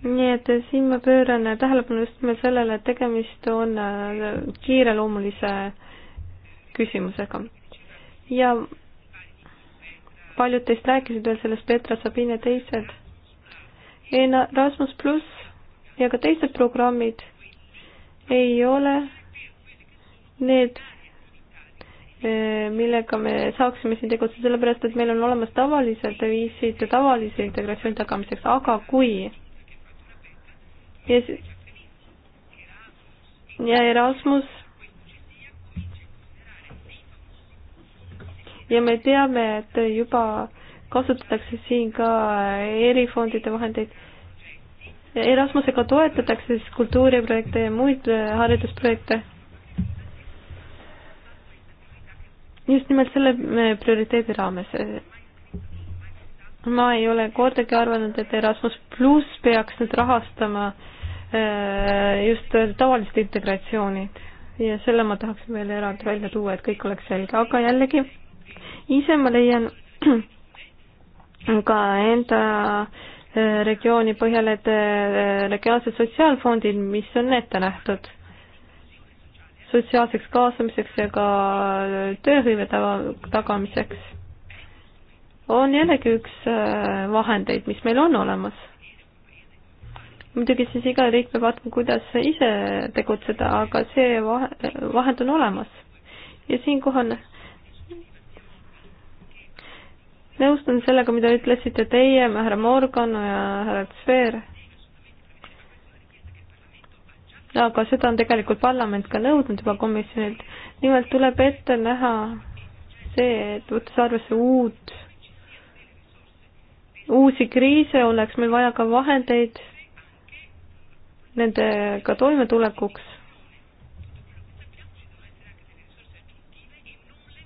nii et siin ma pööran tähelepanu just nimelt sellele, et tegemist on äh, kiireloomulise küsimusega. ja paljud teist rääkisid veel sellest, Petra, Sabine, teised. Erasmus pluss ja ka teised programmid ei ole need, äh, millega me saaksime siin tegutseda, sellepärast et meil on olemas tavalised viisid tavalise integratsiooni tagamiseks, aga kui ja, ja Erasmus. ja me teame, et juba kasutatakse siin ka erifondide vahendeid. Erasmusega toetatakse siis kultuuriprojekte ja muid äh, haridusprojekte. just nimelt selle äh, prioriteedi raames äh, ma ei ole kordagi arvanud, et Erasmus pluss peaks nüüd rahastama äh, just tavalist integratsiooni ja selle ma tahaksin veel eraldi välja tuua, et kõik oleks selge, aga jällegi ise ma leian ka enda äh, regiooni põhjal, et äh, regionaalsed sotsiaalfondid, mis on ette nähtud sotsiaalseks kaasamiseks ja ka tööhõive tagamiseks on jällegi üks äh, vahendeid, mis meil on olemas. muidugi siis iga riik peab vaatama, kuidas ise tegutseda, aga see vahend on olemas. ja siinkohal nõustun sellega, mida ütlesite teie, härra Morgan ja härra Tsveer. aga seda on tegelikult parlament ka nõudnud juba komisjonilt. nimelt tuleb ette näha see, et võttes arvesse uut uusi kriise, oleks meil vaja ka vahendeid nendega toimetulekuks.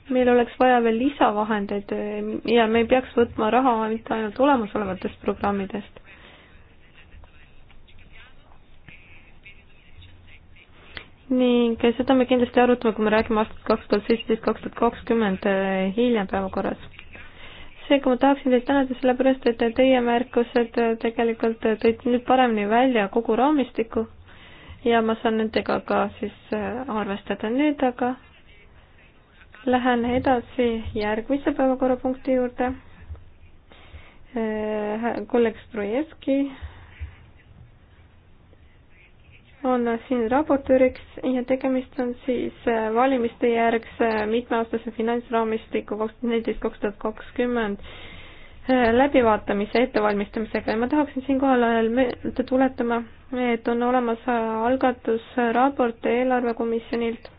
meil oleks vaja veel lisavahendeid ja me ei peaks võtma raha mitte ainult olemasolevatest programmidest. ning seda me kindlasti arutame, kui me räägime aastast kaks tuhat seitseteist, kaks tuhat kakskümmend eh, hiljem päevakorras seega ma tahaksin teid tänada, sellepärast et teie märkused tegelikult tõid nüüd paremini välja kogu raamistiku ja ma saan nendega ka siis äh, arvestada nüüd, aga lähen edasi järgmise päevakorrapunkti juurde. Äh, kolleeg Strojevski on siin raportööriks ja tegemist on siis äh, valimiste järgse mitmeaastase finantsraamistiku kaks tuhat neliteist, kaks tuhat kakskümmend äh, läbivaatamise ettevalmistamisega ja ma tahaksin siinkohal meelde tuletama, et on olemas äh, algatusraport eelarvekomisjonilt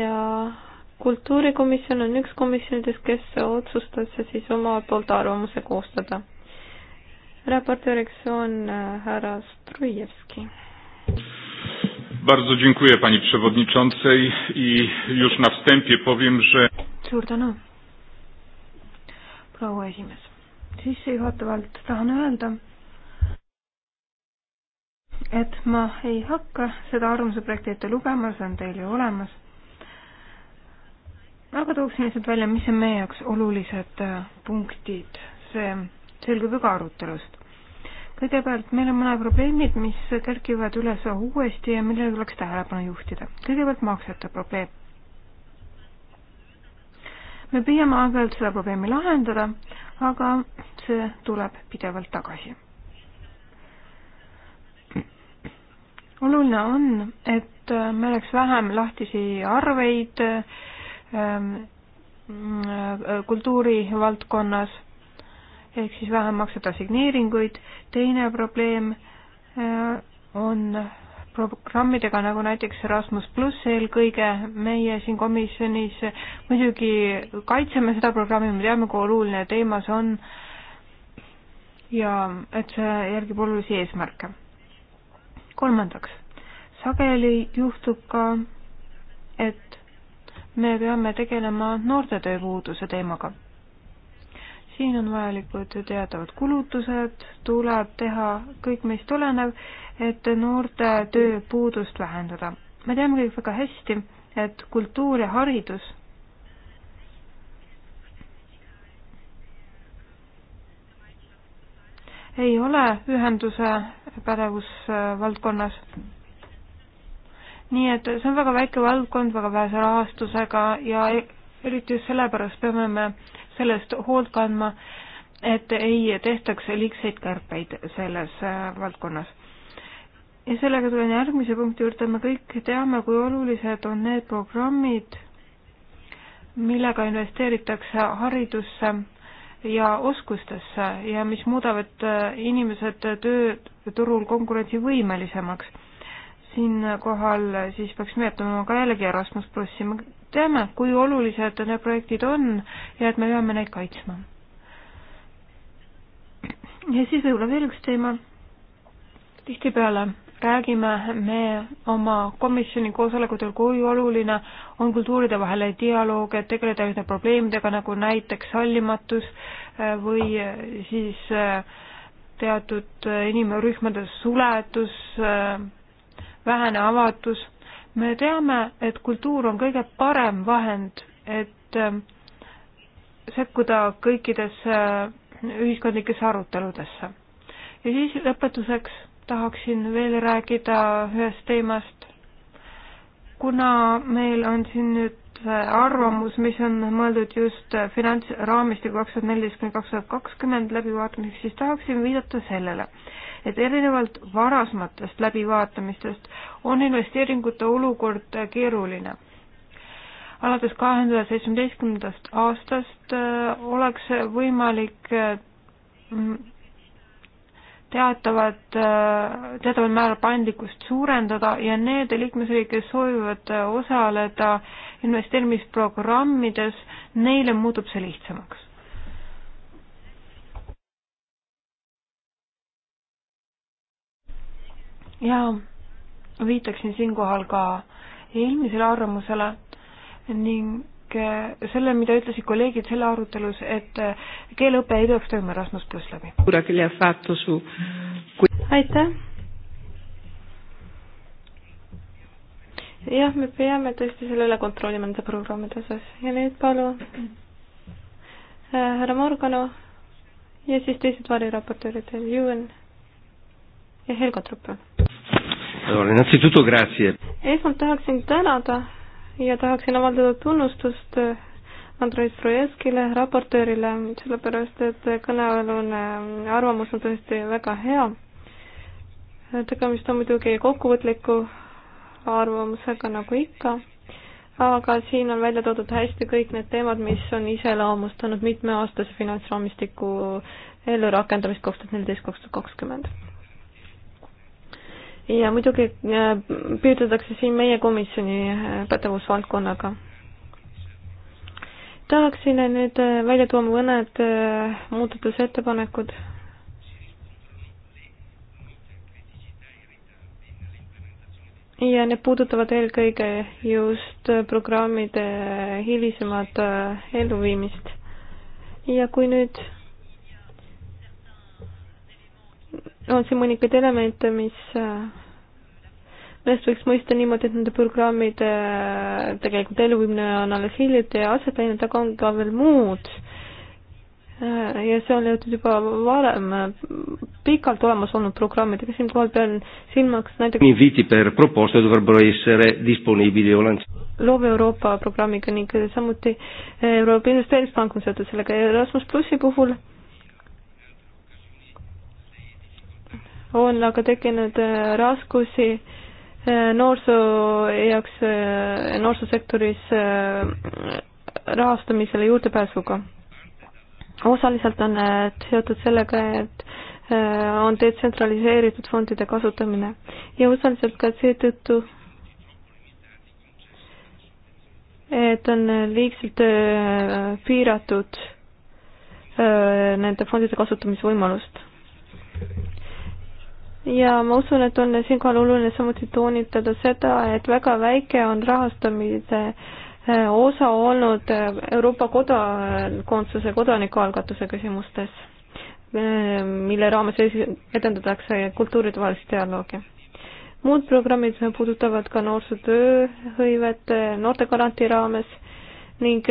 ja kultuurikomisjon on üks komisjonidest, kes otsustas siis oma poolt arvamuse koostada raportööriks on äh, härra Strujevski. Bardzo dziękuję Pani Przewodniczącej i już na wstępie powiem, że suur tänu, proua esimees. sissejuhatavalt tahan öelda, et ma ei hakka seda arvamuse projekti ette lugema, see on teil ju olemas. aga tooksin lihtsalt välja, mis on meie jaoks olulised äh, punktid, see selgub ju ka arutelust kõigepealt meil on mõned probleemid, mis kerkivad üles uuesti ja millele tuleks tähelepanu juhtida. kõigepealt maksete probleem. me püüame aeg-ajalt seda probleemi lahendada, aga see tuleb pidevalt tagasi. oluline on, et meil oleks vähem lahtisi arveid ähm, kultuurivaldkonnas ehk siis vähem maksab assigneeringuid. teine probleem äh, on programmidega nagu näiteks Erasmus pluss eelkõige, meie siin komisjonis muidugi kaitseme seda programmi, me teame, kui oluline teema see on ja et see järgib olulisi eesmärke. kolmandaks, sageli juhtub ka, et me peame tegelema noorte tööpuuduse teemaga siin on vajalikud teatavad kulutused, tuleb teha kõik meist olenev, et noorte tööpuudust vähendada. me teame kõik väga hästi, et kultuur ja haridus ei ole ühenduse pädevusvaldkonnas. nii et see on väga väike valdkond, väga vähese rahastusega ja eriti just sellepärast peame me äh, sellest hoolt kandma, et ei tehtaks liigseid kärpeid selles äh, valdkonnas. ja sellega tulen järgmise punkti juurde, me kõik teame, kui olulised on need programmid, millega investeeritakse haridusse ja oskustesse ja mis muudavad äh, inimesed tööturul konkurentsivõimelisemaks. siinkohal siis peaks meenutama ka jällegi Erasmus plussi, me teame, kui olulised need projektid on ja et me peame neid kaitsma. ja siis võib-olla veel üks teema. tihtipeale räägime me oma komisjoni koosolekutel, kui oluline on kultuuride vahele dialoog, et tegeleda ühte probleemidega nagu näiteks sallimatus äh, või äh, siis äh, teatud inimrühmade suletus, vähene avatus me teame, et kultuur on kõige parem vahend, et ähm, sekkuda kõikidesse äh, ühiskondlikesse aruteludesse. ja siis lõpetuseks tahaksin veel rääkida ühest teemast. kuna meil on siin nüüd äh, arvamus, mis on mõeldud just äh, finantsraamistiku kaks tuhat neliteist kuni kaks tuhat kakskümmend läbivaatamiseks, siis tahaksin viidata sellele, et erinevalt varasematest läbivaatamistest on investeeringute olukord keeruline. alates kahe tuhande seitsmeteistkümnendast aastast äh, oleks võimalik teatavad, äh, teataval äh, määral paindlikkust suurendada ja need liikmesriigid, kes soovivad osaleda investeerimisprogrammides, neile muutub see lihtsamaks. ja viitaksin siinkohal ka eelmisele arvamusele ning selle, mida ütlesid kolleegid selle arutelus, et keeleõpe ei peaks toimuma Erasmus pluss läbi. aitäh. jah, me peame tõesti selle üle kontrollima nende programmide osas ja nüüd palun äh, härra Morgano ja siis teised variraportöörid, Jürgen ja Helga Truppel esmalt tahaksin tänada ja tahaksin avaldada tunnustust Andrei Strojevskile, raportöörile, sellepärast et kõnealune ähm, arvamus on tõesti väga hea. tegemist on muidugi kokkuvõtliku arvamusega nagu ikka, aga siin on välja toodud hästi kõik need teemad, mis on iseloomustanud mitmeaastase finantsraamistiku ellurakendamist kaks tuhat neliteist, kaks tuhat kakskümmend ja muidugi äh, piirdutakse siin meie komisjoni äh, pädevusvaldkonnaga. tahaksin äh, nüüd välja tuua mõned muudatusettepanekud. ja need puudutavad eelkõige just programmide hilisemat elluviimist. ja kui nüüd on siin mõningaid elemente, mis äh, millest võiks mõista niimoodi, et nende programmide äh, tegelikult elluviimine on alles hiljuti aset läinud, aga on ka veel muud. Äh, ja see on jõudnud juba varem pikalt olemas olnud programmidega, siinkohal pean silmaks näiteks loov Euroopa programmiga ning samuti Euroopa Investeerimispank on seotud sellega Erasmus plussi puhul on aga tekkinud äh, raskusi äh, noorsoo jaoks, äh, noorsoosektoris rahastamisele juurdepääsuga. osaliselt on need seotud sellega, et on detsentraliseeritud fondide kasutamine ja osaliselt ka seetõttu, et on liigselt piiratud nende fondide kasutamisvõimalust ja ma usun, et on siinkohal oluline samuti toonitada seda, et väga väike on rahastamise eh, osa olnud eh, Euroopa kodakondsuse kodanikualgatuse küsimustes, eh, mille raames edendatakse kultuuridevahelist dialoogi. muud programmid puudutavad ka noorsootööhõivet noortegarantii raames ning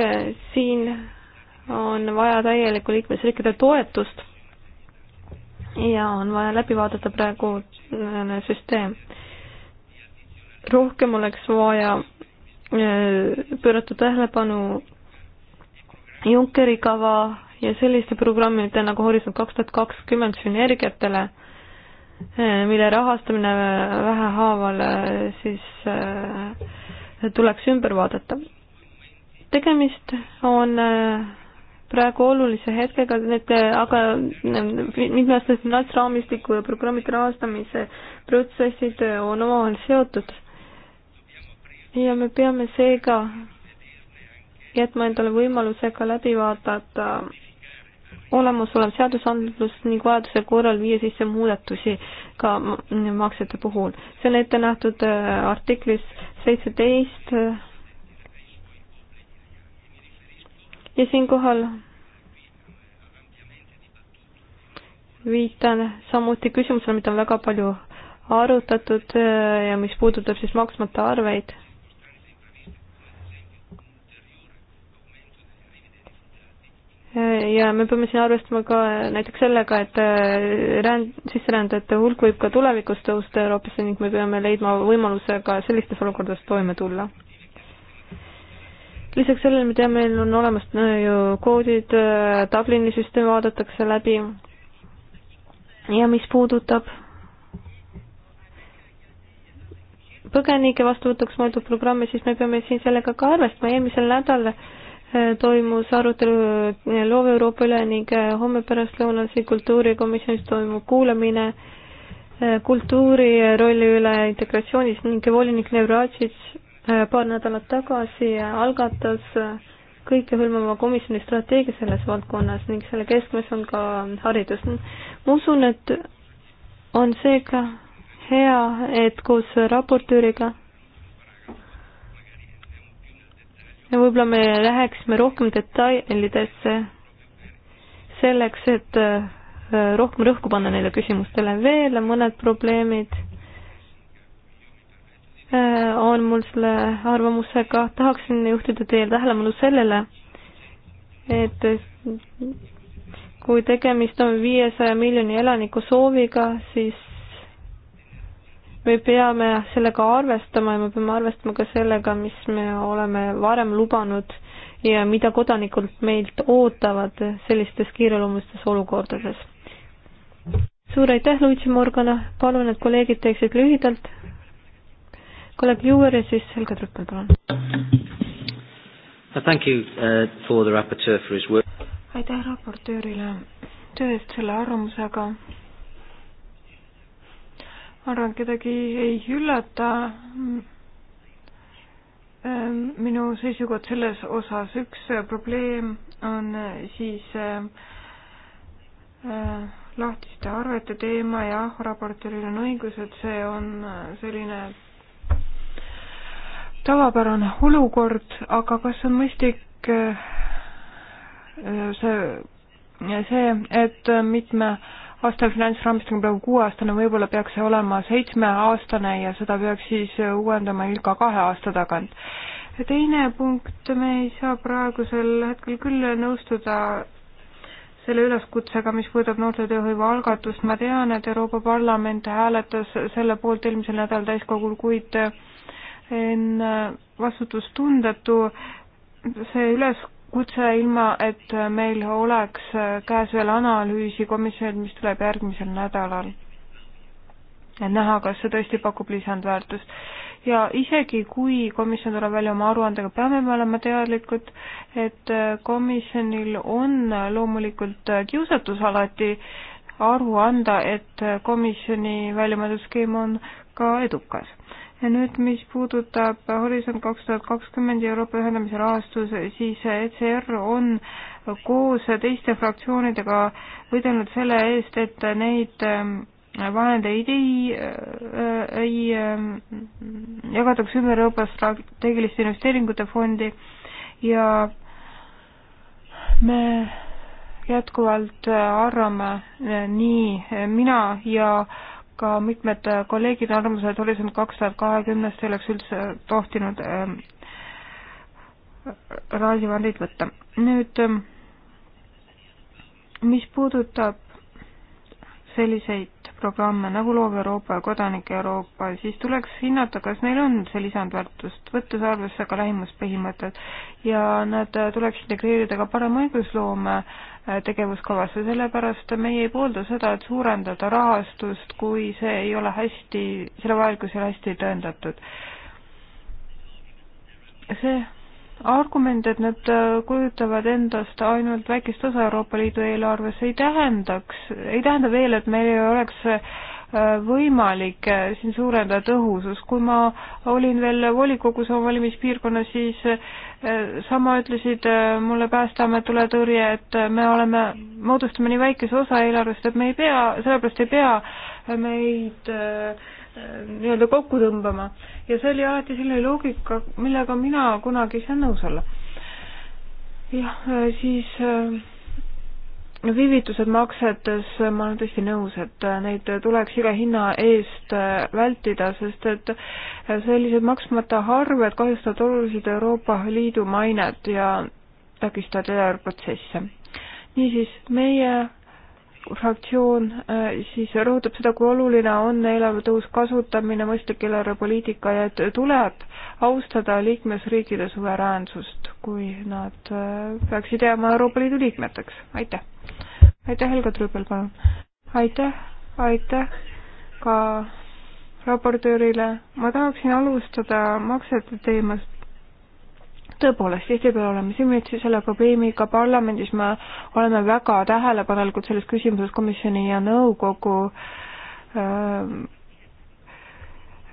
siin on vaja täielikku liikmesriikide toetust ja on vaja läbi vaadata praegune äh, süsteem. rohkem oleks vaja äh, pöörata tähelepanu Junckeri kava ja selliste programmide nagu Horisont kaks tuhat kakskümmend sünergiatele, äh, mille rahastamine vähehaaval siis tuleks ümber vaadata. tegemist on praegu olulise hetkega, et aga mitmeaastase finantsraamistiku ja programmide rahastamise protsessid on omavahel seotud. ja me peame seega jätma endale võimaluse ka läbi vaadata olemasolev seadusandlus ning vajaduse korral viia sisse muudatusi ka maksete puhul. see on ette nähtud äh, artiklis seitseteist ja siinkohal viitan samuti küsimusele, mida on väga palju arutatud äh, ja mis puudutab siis maksmata arveid. Äh, ja me peame siin arvestama ka näiteks sellega, et äh, ränd-, sisserändajate hulk võib ka tulevikus tõusta Euroopasse ning me peame leidma võimaluse ka sellistes olukordades toime tulla lisaks sellele me teame, meil on olemas ju koodid, äh, Dublini süsteem vaadatakse läbi. ja mis puudutab põgenike vastuvõtuks mõeldud programme, siis me peame siin sellega ka arvestama, eelmisel nädalal äh, toimus arutelu äh, Loov-Euroopa üle ning homme pärastlõunal siin kultuurikomisjonis toimub kuulamine kultuuri rolli üle integratsioonis ning volinik Nevratšits Äh, paar nädalat tagasi algatas äh, kõikehõlmava komisjoni strateegia selles valdkonnas ning selle keskmes on ka haridus. ma usun, et on seega hea, et koos raportööriga ja võib-olla me läheksime rohkem detailidesse selleks, et äh, rohkem rõhku panna neile küsimustele. veel mõned probleemid Äh, on mul selle arvamusega, tahaksin juhtida teie tähelepanu sellele, et kui tegemist on viiesaja miljoni elaniku sooviga, siis me peame sellega arvestama ja me peame arvestama ka sellega, mis me oleme varem lubanud ja mida kodanikud meilt ootavad sellistes kiireloomulistes olukordades. suur aitäh, Luigi Morgana, palun, et kolleegid teeksid lühidalt kolleeg Juuer ja siis Helga Trüppel, palun. Uh, uh, aitäh raportöörile töö eest selle arvamusega. ma arvan, et kedagi ei üllata ähm, minu seisukoht selles osas. üks probleem on siis ähm, äh, lahtiste arvete teema, jah, raportööril on õigus, et see on äh, selline tavapärane olukord, aga kas on mõistlik eh, see, see, et mitme aastane finantsraamistik on praegu kuueaastane, võib-olla peaks see olema seitsmeaastane ja seda peaks siis uuendama iga kahe aasta tagant. teine punkt, me ei saa praegusel hetkel küll nõustuda selle üleskutsega, mis puudutab noorte tööhõive algatust, ma tean, et Euroopa Parlament hääletas selle poolt eelmisel nädalal täiskogul, kuid Äh, vastutustundetu see üleskutse, ilma et äh, meil oleks äh, käes veel analüüsi komisjonil, mis tuleb järgmisel nädalal. et näha, kas see tõesti pakub lisandväärtust. ja isegi, kui komisjon tuleb välja oma aruandega, peame me olema teadlikud, et komisjonil on loomulikult kiusatus alati aru anda, et komisjoni väljamõeldud skeem on ka edukas ja nüüd, mis puudutab Horisont kaks tuhat kakskümmend ja Euroopa ühendamise rahastus, siis ECR on koos teiste fraktsioonidega võidelnud selle eest, et neid ähm, vahendeid ei, äh, ei ähm, jagataks ümber Euroopa strateegiliste investeeringute fondi ja me jätkuvalt äh, arvame äh, nii mina ja äh, ka mitmed äh, kolleegid arvamusel, et Horisont kaks tuhat kahekümnest ei oleks üldse tohtinud ähm, raadiovandeid võtta. nüüd ähm, mis puudutab selliseid programme nagu Loov Euroopa ja Kodanik Euroopa, siis tuleks hinnata, kas neil on see lisandväärtust, võttes arvesse ka lähimuspõhimõtted ja nad tuleks integreerida ka parema õigusloome äh, tegevuskavasse, sellepärast meie ei poolda seda, et suurendada rahastust, kui see ei ole hästi, selle vajalikkus ei ole hästi tõendatud. see argument, et nad äh, kujutavad endast ainult väikest osa Euroopa Liidu eelarves, ei tähendaks, ei tähenda veel, et meil ei oleks äh, võimalik äh, siin suurendada tõhusust. kui ma olin veel volikogus oma valimispiirkonnas, siis sama ütlesid mulle Päästeamet, tuletõrje, et me oleme, moodustame nii väikese osa eelarvest, et me ei pea, sellepärast ei pea meid äh, Äh, nii-öelda kokku tõmbama ja see oli alati selle loogika, millega mina kunagi ei saa nõus olla. jah, äh, siis äh, viivitused maksetes ma olen tõesti nõus, et neid tuleks iga hinna eest vältida, sest et sellised maksmata arved kahjustavad oluliselt Euroopa Liidu mainet ja takistavad eelarveprotsesse. niisiis, meie fraktsioon äh, siis rõhutab seda, kui oluline on eelarve tõhus kasutamine, mõistlik eelarvepoliitika ja et tuleb austada liikmesriikide suveräänsust, kui nad äh, peaksid jääma Euroopa Liidu liikmeteks. aitäh. aitäh, Helga Trüübel, palun. aitäh, aitäh ka raportöörile. ma tahaksin alustada maksete teemast tõepoolest, tihtipeale oleme silmitsi selle probleemiga parlamendis, me oleme väga tähelepanelikud selles küsimuses komisjoni ja nõukogu ähm,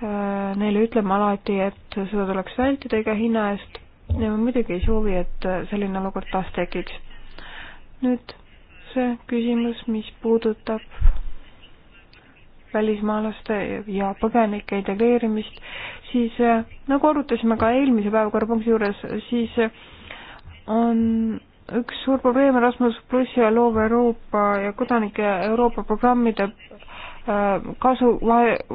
äh, neile ütleme alati, et seda tuleks vältida iga hinna eest ja ma muidugi ei soovi, et äh, selline olukord taas tekiks. nüüd see küsimus, mis puudutab välismaalaste ja põgenike integreerimist siis äh, nagu arutasime ka eelmise päevakorrapunkti juures, siis äh, on üks suur probleem Erasmus pluss ja Loov Euroopa ja kodanike Euroopa programmide äh, kasu,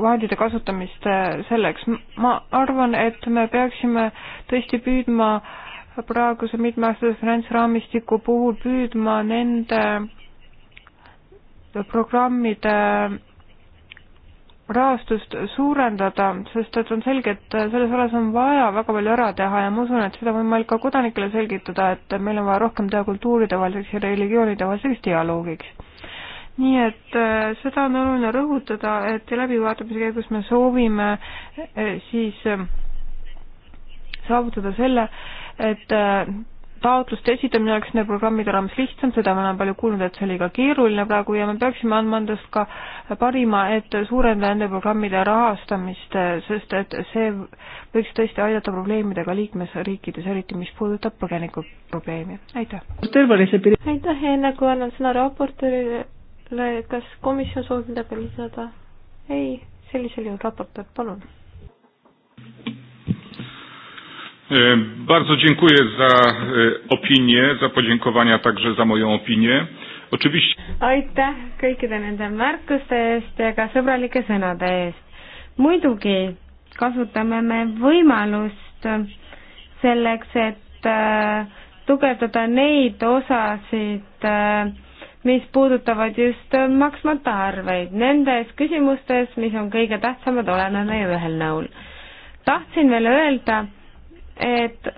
vahendite kasutamist selleks. ma arvan, et me peaksime tõesti püüdma praeguse mitmeaastase finantsraamistiku puhul püüdma nende programmide rahastust suurendada, sest et on selge, et selles vallas on vaja väga palju ära teha ja ma usun, et seda on võimalik ka kodanikele selgitada, et meil on vaja rohkem teha kultuuridevaheliseks ja religioonidevaheliseks dialoogiks. nii et äh, seda on oluline rõhutada, et läbivaatamise käigus me soovime äh, siis äh, saavutada selle, et taotluste esitamine oleks nende programmide raames lihtsam, seda me oleme palju kuulnud, et see oli ka keeruline praegu ja me peaksime andma endast ka parima, et suurendada nende programmide rahastamist, sest et see võiks tõesti aidata probleemidega liikmesriikides, eriti mis puudutab põgeniku probleemi. aitäh! aitäh, enne kui annan sõna raportöörile, kas komisjon soovib midagi lisada? ei, sellisel juhul raportöör, palun E, bardzo dziękuję za e, opinię, za podziękowania także za moją opinię. Oczywiście. aitäh kõikide nende märkuste eest ja ka sõbralike sõnade eest. muidugi kasutame me võimalust selleks, et äh, tugevdada neid osasid, äh, mis puudutavad just maksmata arveid. Nendes küsimustes, mis on kõige tähtsamad, oleme me ühel nõul. tahtsin veel öelda, et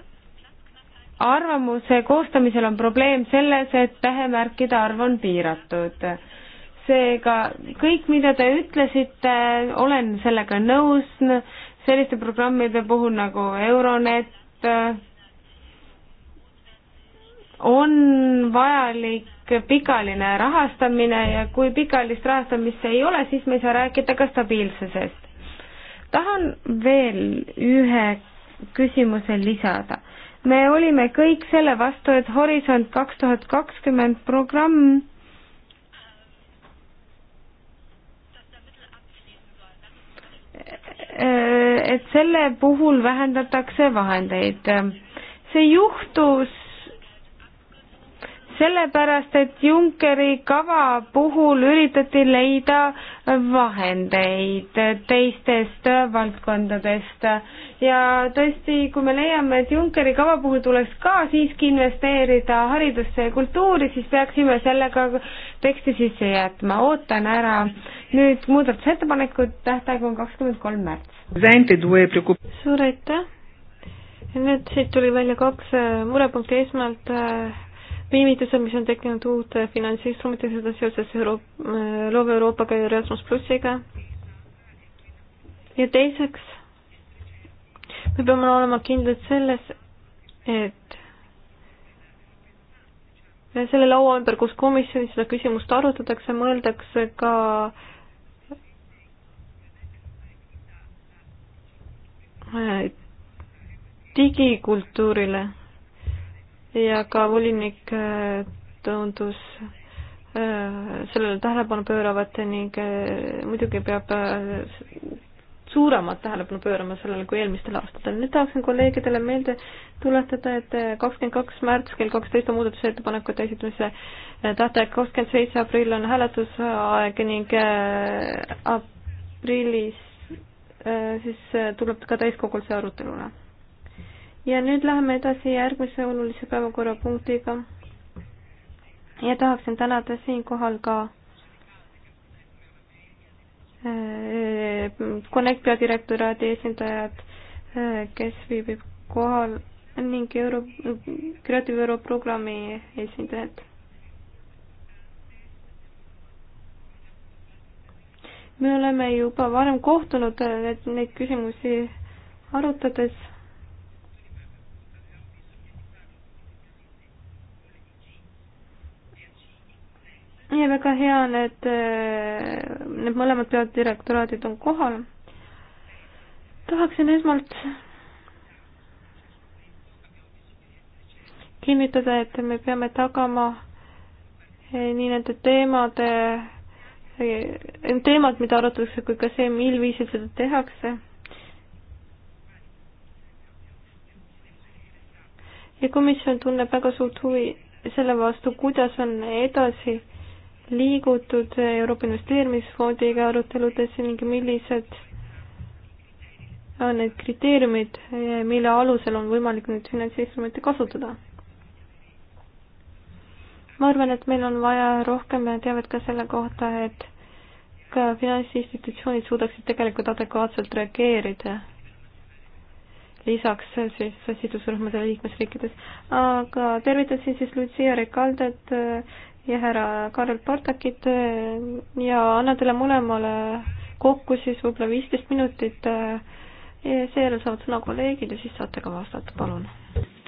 arvamuse koostamisel on probleem selles, et tähemärkide arv on piiratud. seega kõik, mida te ütlesite, olen sellega nõus, selliste programmide puhul nagu Euronet on vajalik pikaline rahastamine ja kui pikalist rahastamist ei ole, siis me ei saa rääkida ka stabiilsusest. tahan veel ühe küsimuse lisada. me olime kõik selle vastu, et Horisont kaks tuhat kakskümmend programm et selle puhul vähendatakse vahendeid. see juhtus sellepärast, et Junckeri kava puhul üritati leida vahendeid teistest valdkondadest ja tõesti, kui me leiame, et Junckeri kava puhul tuleks ka siiski investeerida haridusse ja kultuuri, siis peaksime selle ka teksti sisse jätma. ootan ära nüüd muudatusettepanekud, tähtaeg on kakskümmend kolm märts. suur aitäh! nüüd siit tuli välja kaks murepunkti, esmalt viivitused, mis on tekkinud uute finantsinstrumentide, seda seoses Euro-, äh, Loova Euroopaga ja Erasmus plussiga. ja teiseks, me peame olema kindlad selles, et selle laua ümber, kus komisjonis seda küsimust arutatakse, mõeldakse ka äh, digikultuurile ja ka volinik äh, tundus äh, sellele tähelepanu pööravat ning äh, muidugi peab suuremat tähelepanu pöörama sellele kui eelmistel aastatel. nüüd tahaksin kolleegidele meelde tuletada, et kakskümmend kaks märts kell kaksteist on muudatusettepanekute esitamise tähtaeg, kakskümmend seitse aprill on hääletusaeg ning aprillis siis tuleb ka täiskogul see arutelule ja nüüd läheme edasi järgmise olulise päevakorrapunktiga. ja tahaksin tänada siinkohal ka äh, Connect peadirektoraadi esindajad, äh, kes viibib kohal ning Euro, Creative Euro programmi esindajad. me oleme juba varem kohtunud äh, neid küsimusi arutades ja väga hea, need, äh, need mõlemad peadirektoraadid on kohal. tahaksin esmalt kinnitada, et me peame tagama eh, nii nende teemade, eh, teemad, mida arutatakse, kui ka see, mil viisil seda tehakse ja komisjon tunneb väga suurt huvi selle vastu, kuidas on edasi liigutud Euroopa Investeerimisfondiga aruteludesse ning millised on need kriteeriumid, mille alusel on võimalik neid finantsinstrumente kasutada. ma arvan, et meil on vaja rohkem teavet ka selle kohta, et ka finantsinstitutsioonid suudaksid tegelikult adekvaatselt reageerida lisaks siis sidusrühmadele liikmesriikides. aga tervitasin siis Lucia Recaldet äh, ja härra Karel Partakit äh, ja annan teile mõlemale kokku siis võib-olla viisteist minutit. Äh, seejärel saavad sõna kolleegid ja siis saate ka vastata, palun.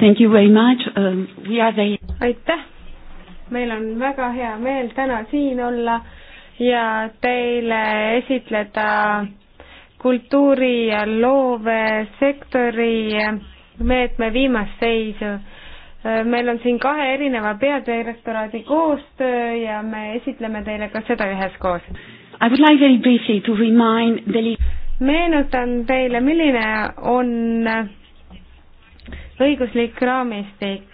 Thank you very much um,, we are the. aitäh, meil on väga hea meel täna siin olla ja teile esitleda kultuuri ja loovesektori meetme viimast seisu Äh, meil on siin kahe erineva peadirektoraadi koostöö ja me esitleme teile ka seda üheskoos. meenutan teile, milline on õiguslik raamistik.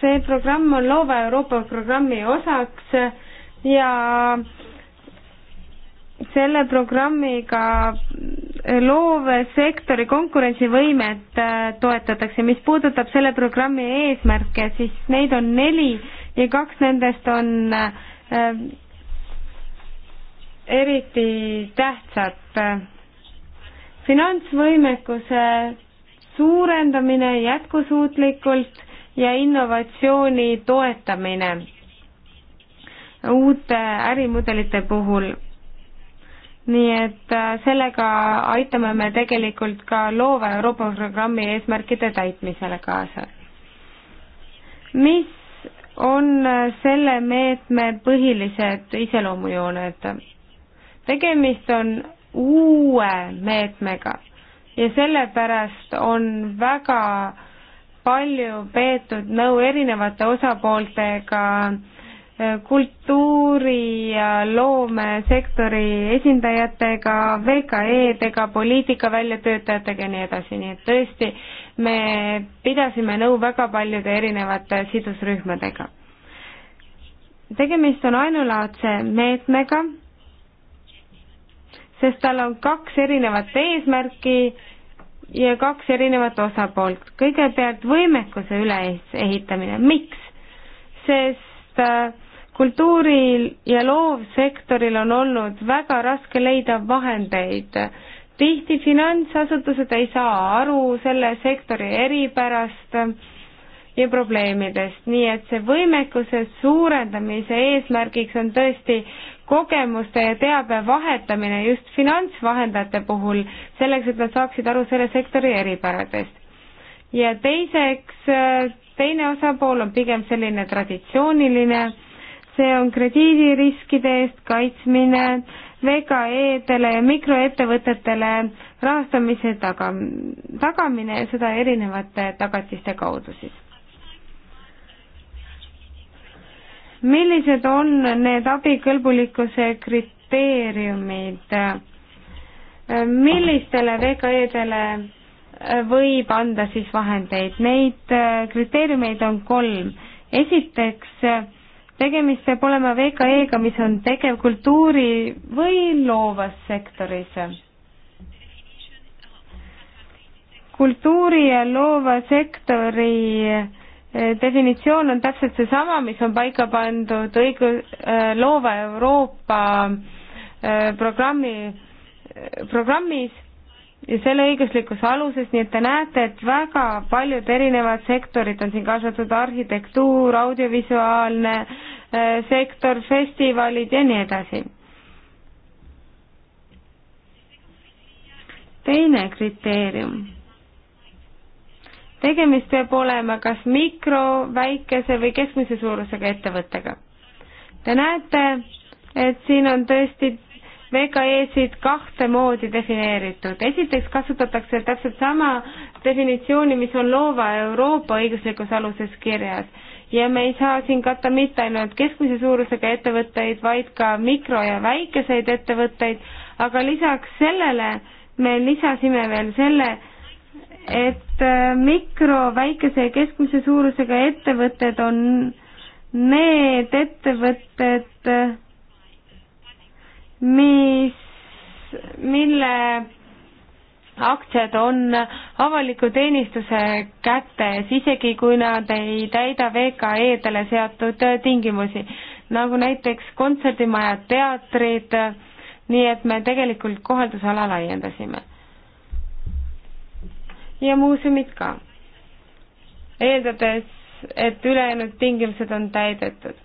see programm on Loova Euroopa programmi osaks ja selle programmiga loovsektori konkurentsivõimet äh, toetatakse. mis puudutab selle programmi eesmärke, siis neid on neli ja kaks nendest on äh, eriti tähtsad. finantsvõimekuse suurendamine jätkusuutlikult ja innovatsiooni toetamine uute ärimudelite puhul nii et äh, sellega aitame me tegelikult ka loova Euroopa programmi eesmärkide täitmisele kaasa. mis on äh, selle meetme põhilised iseloomujooned? tegemist on uue meetmega ja sellepärast on väga palju peetud nõu erinevate osapooltega äh, kultuuri ja loomesektori esindajatega, VKE-dega, poliitika väljatöötajatega ja nii edasi, nii et tõesti, me pidasime nõu väga paljude erinevate sidusrühmadega. tegemist on ainulaadse meetmega, sest tal on kaks erinevat eesmärki ja kaks erinevat osapoolt. kõigepealt võimekuse üleehitamine, miks? sest äh, kultuuril ja loovsektoril on olnud väga raske leida vahendeid. tihti finantsasutused ei saa aru selle sektori eripärast ja probleemidest, nii et see võimekuse suurendamise eesmärgiks on tõesti kogemuste ja teabe vahetamine just finantsvahendajate puhul, selleks, et nad saaksid aru selle sektori eripäradest. ja teiseks, teine osapool on pigem selline traditsiooniline see on krediidiriskide eest kaitsmine, VKE-dele ja mikroettevõtetele rahastamise taga, tagamine ja seda erinevate tagatiste kaudu siis. millised on need abikõlbulikkuse kriteeriumid, millistele VKE-dele võib anda siis vahendeid, neid kriteeriumeid on kolm. esiteks tegemist peab olema VKE-ga, mis on tegev kultuuri või loovas sektoris. kultuuri ja loova sektori eh, definitsioon on täpselt seesama, mis on paika pandud õigu-, eh, loova Euroopa eh, programmi, programmis ja selle õiguslikus aluses, nii et te näete, et väga paljud erinevad sektorid on siin kaasatud, arhitektuur, audiovisuaalne äh, sektor, festivalid ja nii edasi. teine kriteerium. tegemist peab olema kas mikro, väikese või keskmise suurusega ettevõttega. Te näete, et siin on tõesti VKE-sid kahte moodi defineeritud. esiteks kasutatakse täpselt sama definitsiooni, mis on loova Euroopa õiguslikus aluses kirjas ja me ei saa siin katta mitte ainult keskmise suurusega ettevõtteid, vaid ka mikro- ja väikeseid ettevõtteid, aga lisaks sellele me lisasime veel selle, et äh, mikro, väikese ja keskmise suurusega ettevõtted on need ettevõtted, äh, mis, mille aktsiad on avaliku teenistuse kätes, isegi kui nad ei täida VKE-dele seatud tingimusi, nagu näiteks kontserdimajad, teatrid, nii et me tegelikult kohaldusala laiendasime. ja muuseumid ka, eeldades, et ülejäänud tingimused on täidetud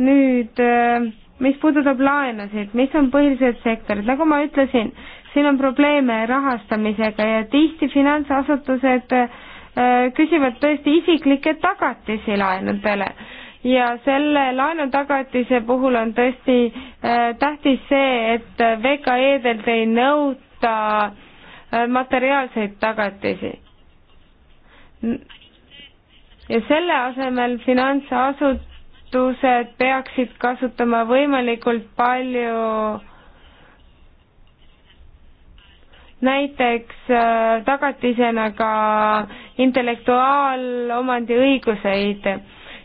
nüüd äh, mis puudutab laenusid, mis on põhilised sektorid, nagu ma ütlesin, siin on probleeme rahastamisega ja tihti finantsasutused äh, küsivad tõesti isiklikke tagatisi laenudele ja selle laenutagatise puhul on tõesti äh, tähtis see, et VKE-delt ei nõuta materiaalseid tagatisi. ja selle asemel finantsasut-, asutused peaksid kasutama võimalikult palju näiteks äh, tagatisena ka intellektuaalomandi õiguseid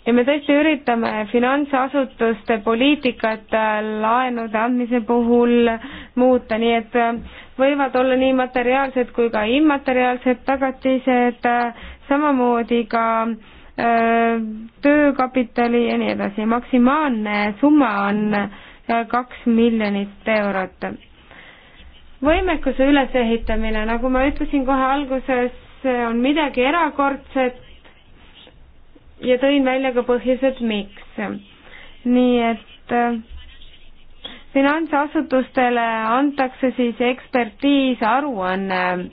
ja me tõesti üritame finantsasutuste poliitikat äh, laenude andmise puhul muuta, nii et äh, võivad olla nii materiaalsed kui ka immateriaalsed tagatised, samamoodi ka äh, töökapitali ja nii edasi. maksimaalne summa on äh, kaks miljonit eurot. võimekuse ülesehitamine, nagu ma ütlesin kohe alguses, on midagi erakordset ja tõin välja ka põhjused, miks. nii et äh, finantsasutustele antakse siis ekspertiis aruanne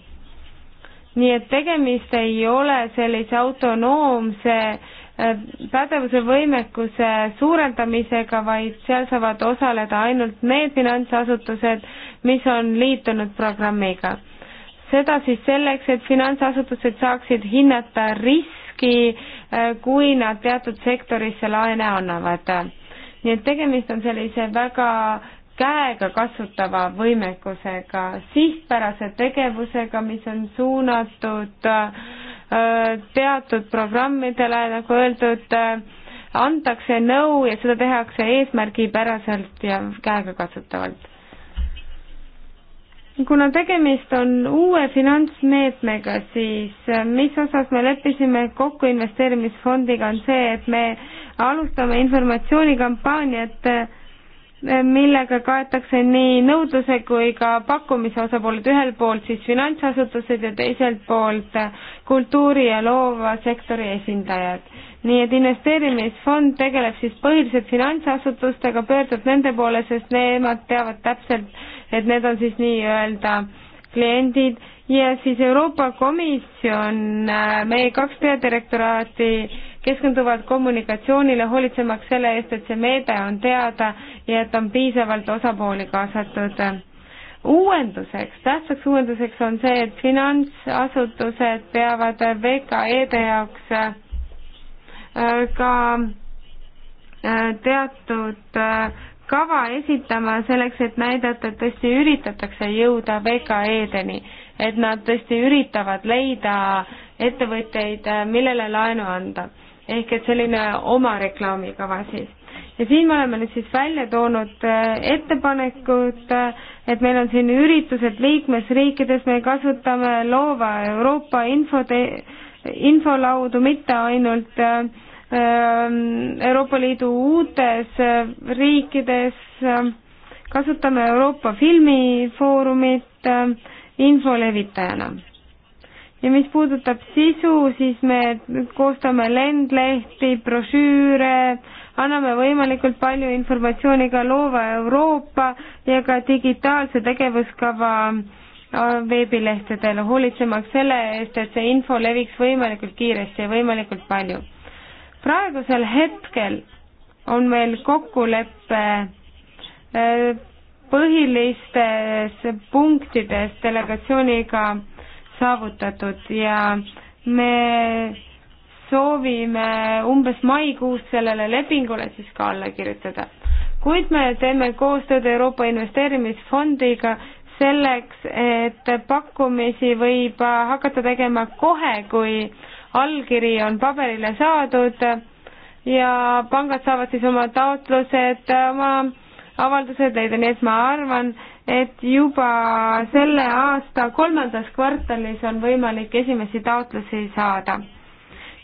nii et tegemist ei ole sellise autonoomse äh, pädevuse võimekuse suurendamisega, vaid seal saavad osaleda ainult need finantsasutused, mis on liitunud programmiga. seda siis selleks, et finantsasutused saaksid hinnata riski, äh, kui nad teatud sektorisse laene annavad. nii et tegemist on sellise väga käegakasutava võimekusega, sihtpärase tegevusega, mis on suunatud äh, teatud programmidele, nagu öeldud, äh, antakse nõu ja seda tehakse eesmärgipäraselt ja käegakatsutavalt. kuna tegemist on uue finantsmeetmega, siis äh, mis osas me leppisime kokku investeerimisfondiga, on see, et me alustame informatsioonikampaaniat millega kaetakse nii nõudluse kui ka pakkumise osapooled, ühelt poolt siis finantsasutused ja teiselt poolt kultuuri ja loova sektori esindajad. nii et investeerimisfond tegeleb siis põhiliselt finantsasutustega, pöördub nende poole, sest nemad teavad täpselt, et need on siis nii-öelda kliendid ja siis Euroopa Komisjon, äh, meie kaks peadirektoraati keskenduvad kommunikatsioonile, hoolitsemaks selle eest, et see meede on teada ja et on piisavalt osapooli kaasatud. uuenduseks, tähtsaks uuenduseks on see, et finantsasutused peavad VKE-de jaoks äh, ka äh, teatud äh, kava esitama selleks, et näidata, et tõesti üritatakse jõuda VKE-deni, et nad tõesti üritavad leida ettevõtteid, millele laenu anda ehk et selline oma reklaamikava siis. ja siin me oleme nüüd siis välja toonud äh, ettepanekud, äh, et meil on siin üritused liikmesriikides, me kasutame loova Euroopa infotee-, infolaudu mitte ainult äh, ähm, Euroopa Liidu uutes riikides, kasutame Euroopa Filmifoorumit info levitajana ja mis puudutab sisu, siis me koostame lendlehti, brošüüre, anname võimalikult palju informatsiooni ka Loova Euroopa ja ka digitaalse tegevuskava äh, veebilehtedel, hoolitsemaks selle eest, et see info leviks võimalikult kiiresti ja võimalikult palju. praegusel hetkel on meil kokkulepe äh, põhilistes punktides delegatsiooniga saavutatud ja me soovime umbes maikuus sellele lepingule siis ka alla kirjutada. kuid me teeme koostööd Euroopa Investeerimisfondiga selleks, et pakkumisi võib hakata tegema kohe, kui allkiri on paberile saadud ja pangad saavad siis oma taotlused, oma avaldused leida, nii et ma arvan, et juba selle aasta kolmandas kvartalis on võimalik esimesi taotlusi saada.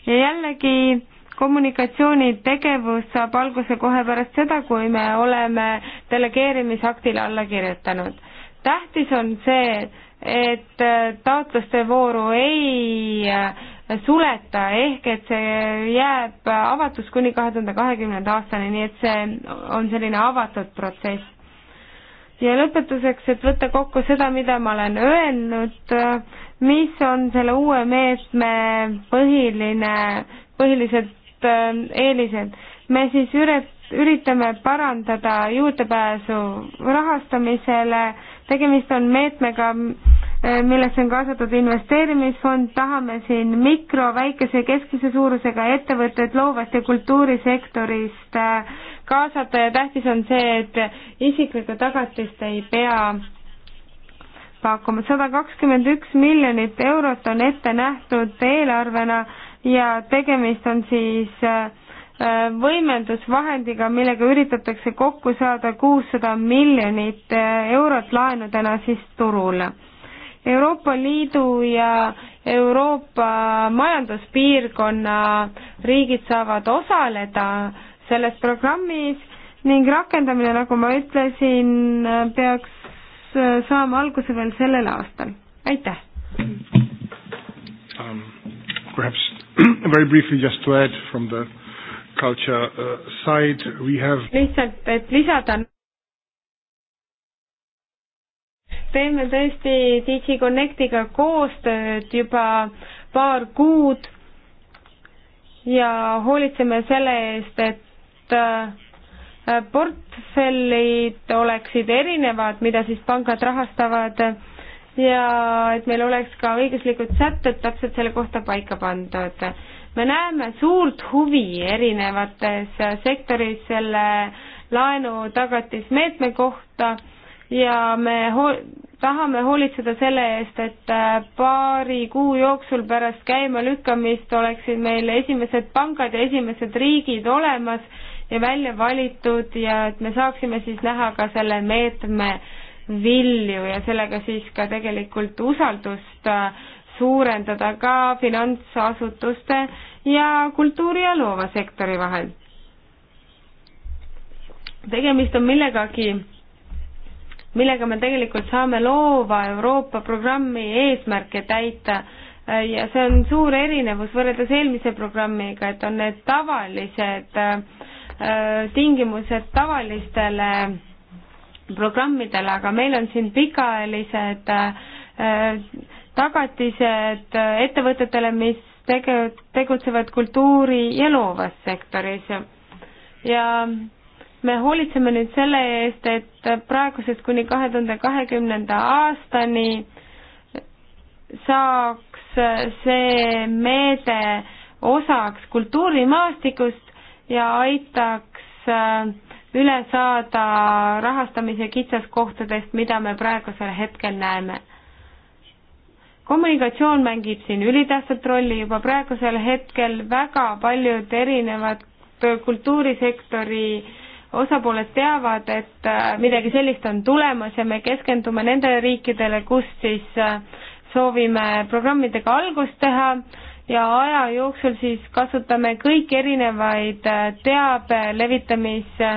ja jällegi kommunikatsioonitegevus saab alguse kohe pärast seda, kui me oleme delegeerimisaktile alla kirjutanud. tähtis on see, et taotluste vooru ei suleta, ehk et see jääb avatuks kuni kahe tuhande kahekümnenda aastani, nii et see on selline avatud protsess ja lõpetuseks, et võtta kokku seda, mida ma olen öelnud, mis on selle uue meetme põhiline, põhilised äh, eelised. me siis üret-, üritame parandada juurdepääsu rahastamisele, tegemist on meetmega, äh, millesse on kaasatud investeerimisfond, tahame siin mikro, väikese ja keskmise suurusega ettevõtteid loovast ja kultuurisektorist äh, kaasata ja tähtis on see, et isiklikku tagatist ei pea pakkuma. sada kakskümmend üks miljonit eurot on ette nähtud eelarvena ja tegemist on siis äh, võimendusvahendiga, millega üritatakse kokku saada kuussada miljonit äh, eurot laenudena siis turule. Euroopa Liidu ja Euroopa Majanduspiirkonna riigid saavad osaleda äh, selles programmis ning rakendamine, nagu ma ütlesin, peaks äh, saama alguse veel sellel aastal. aitäh um,! Perhaps very briefly just to add from the culture uh, side we have lihtsalt, et lisada teeme tõesti DG Connectiga koostööd juba paar kuud ja hoolitseme selle eest, et Äh, portfellid oleksid erinevad, mida siis pangad rahastavad ja et meil oleks ka õiguslikud sätted täpselt selle kohta paika pandud. me näeme suurt huvi erinevates sektoris selle laenutagatismeetme kohta ja me ho-, tahame hoolitseda selle eest, et äh, paari kuu jooksul pärast käimalükkamist oleksid meil esimesed pangad ja esimesed riigid olemas ja välja valitud ja et me saaksime siis näha ka selle meetme vilju ja sellega siis ka tegelikult usaldust äh, suurendada ka finantsasutuste ja kultuuri ja loovasektori vahel. tegemist on millegagi, millega me tegelikult saame loova Euroopa programmi eesmärke täita äh, ja see on suur erinevus võrreldes eelmise programmiga, et on need tavalised äh, Äh, tingimused tavalistele programmidele, aga meil on siin pikaajalised äh, tagatised ettevõtetele, mis tege-, tegutsevad kultuuri- ja loovas sektoris. ja me hoolitseme nüüd selle eest, et praegusest kuni kahe tuhande kahekümnenda aastani saaks see meede osaks kultuurimaastikust ja aitaks äh, üle saada rahastamise kitsaskohtadest, mida me praegusel hetkel näeme. kommunikatsioon mängib siin ülitähtsat rolli juba praegusel hetkel, väga paljud erinevad kultuurisektori osapooled teavad, et äh, midagi sellist on tulemas ja me keskendume nendele riikidele, kus siis äh, soovime programmidega algust teha ja aja jooksul siis kasutame kõik erinevaid äh, teabe levitamise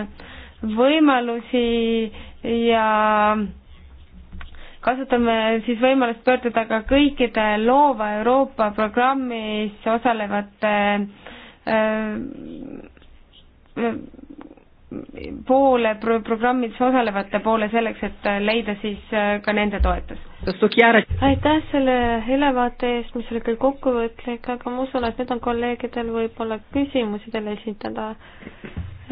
võimalusi ja kasutame siis võimalust pöörduda ka kõikide Loova Euroopa programmis osalevate äh, poole pro, programmis osalevate poole selleks, et leida siis äh, ka nende toetus. aitäh selle ülevaate eest, mis oli küll kokkuvõtlik, aga ma usun, et nüüd on kolleegidel võib-olla küsimusi teile esitada,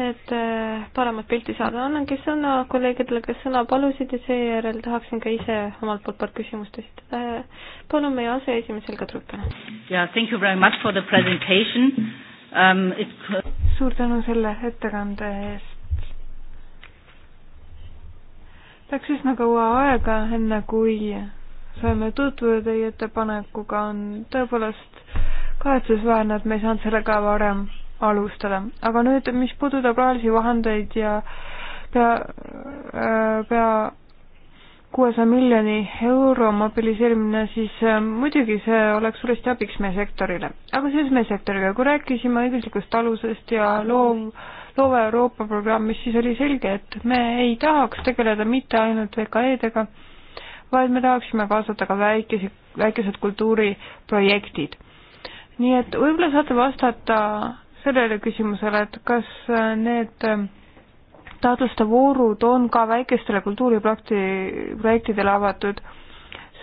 et äh, paremat pilti saada. annangi sõna kolleegidele, kes sõna palusid ja seejärel tahaksin ka ise omalt poolt paar küsimust esitada. Äh, palun meie aseesimees Helga Truppel. jaa, thank you very much for the presentation um,. It... suur tänu selle ettekande eest Läks üsna kaua aega, enne kui saime tutvuda teie ettepanekuga, on tõepoolest kahetsusväärne, et me ei saanud sellega varem alustada. aga nüüd, mis puudutab rahalisi vahendeid ja pea, äh, pea kuuesaja miljoni euro mobiliseerimine, siis äh, muidugi see oleks suuresti abiks meie sektorile. aga seoses meie sektoriga, kui rääkisime õiguslikust alusest ja loov Loova Euroopa programmis, siis oli selge, et me ei tahaks tegeleda mitte ainult VKE-dega, vaid me tahaksime kaasata ka väikese, väikesed kultuuriprojektid. nii et võib-olla saate vastata sellele küsimusele, et kas need ähm, taotluste voorud on ka väikestele kultuuriprojekti, projektidele avatud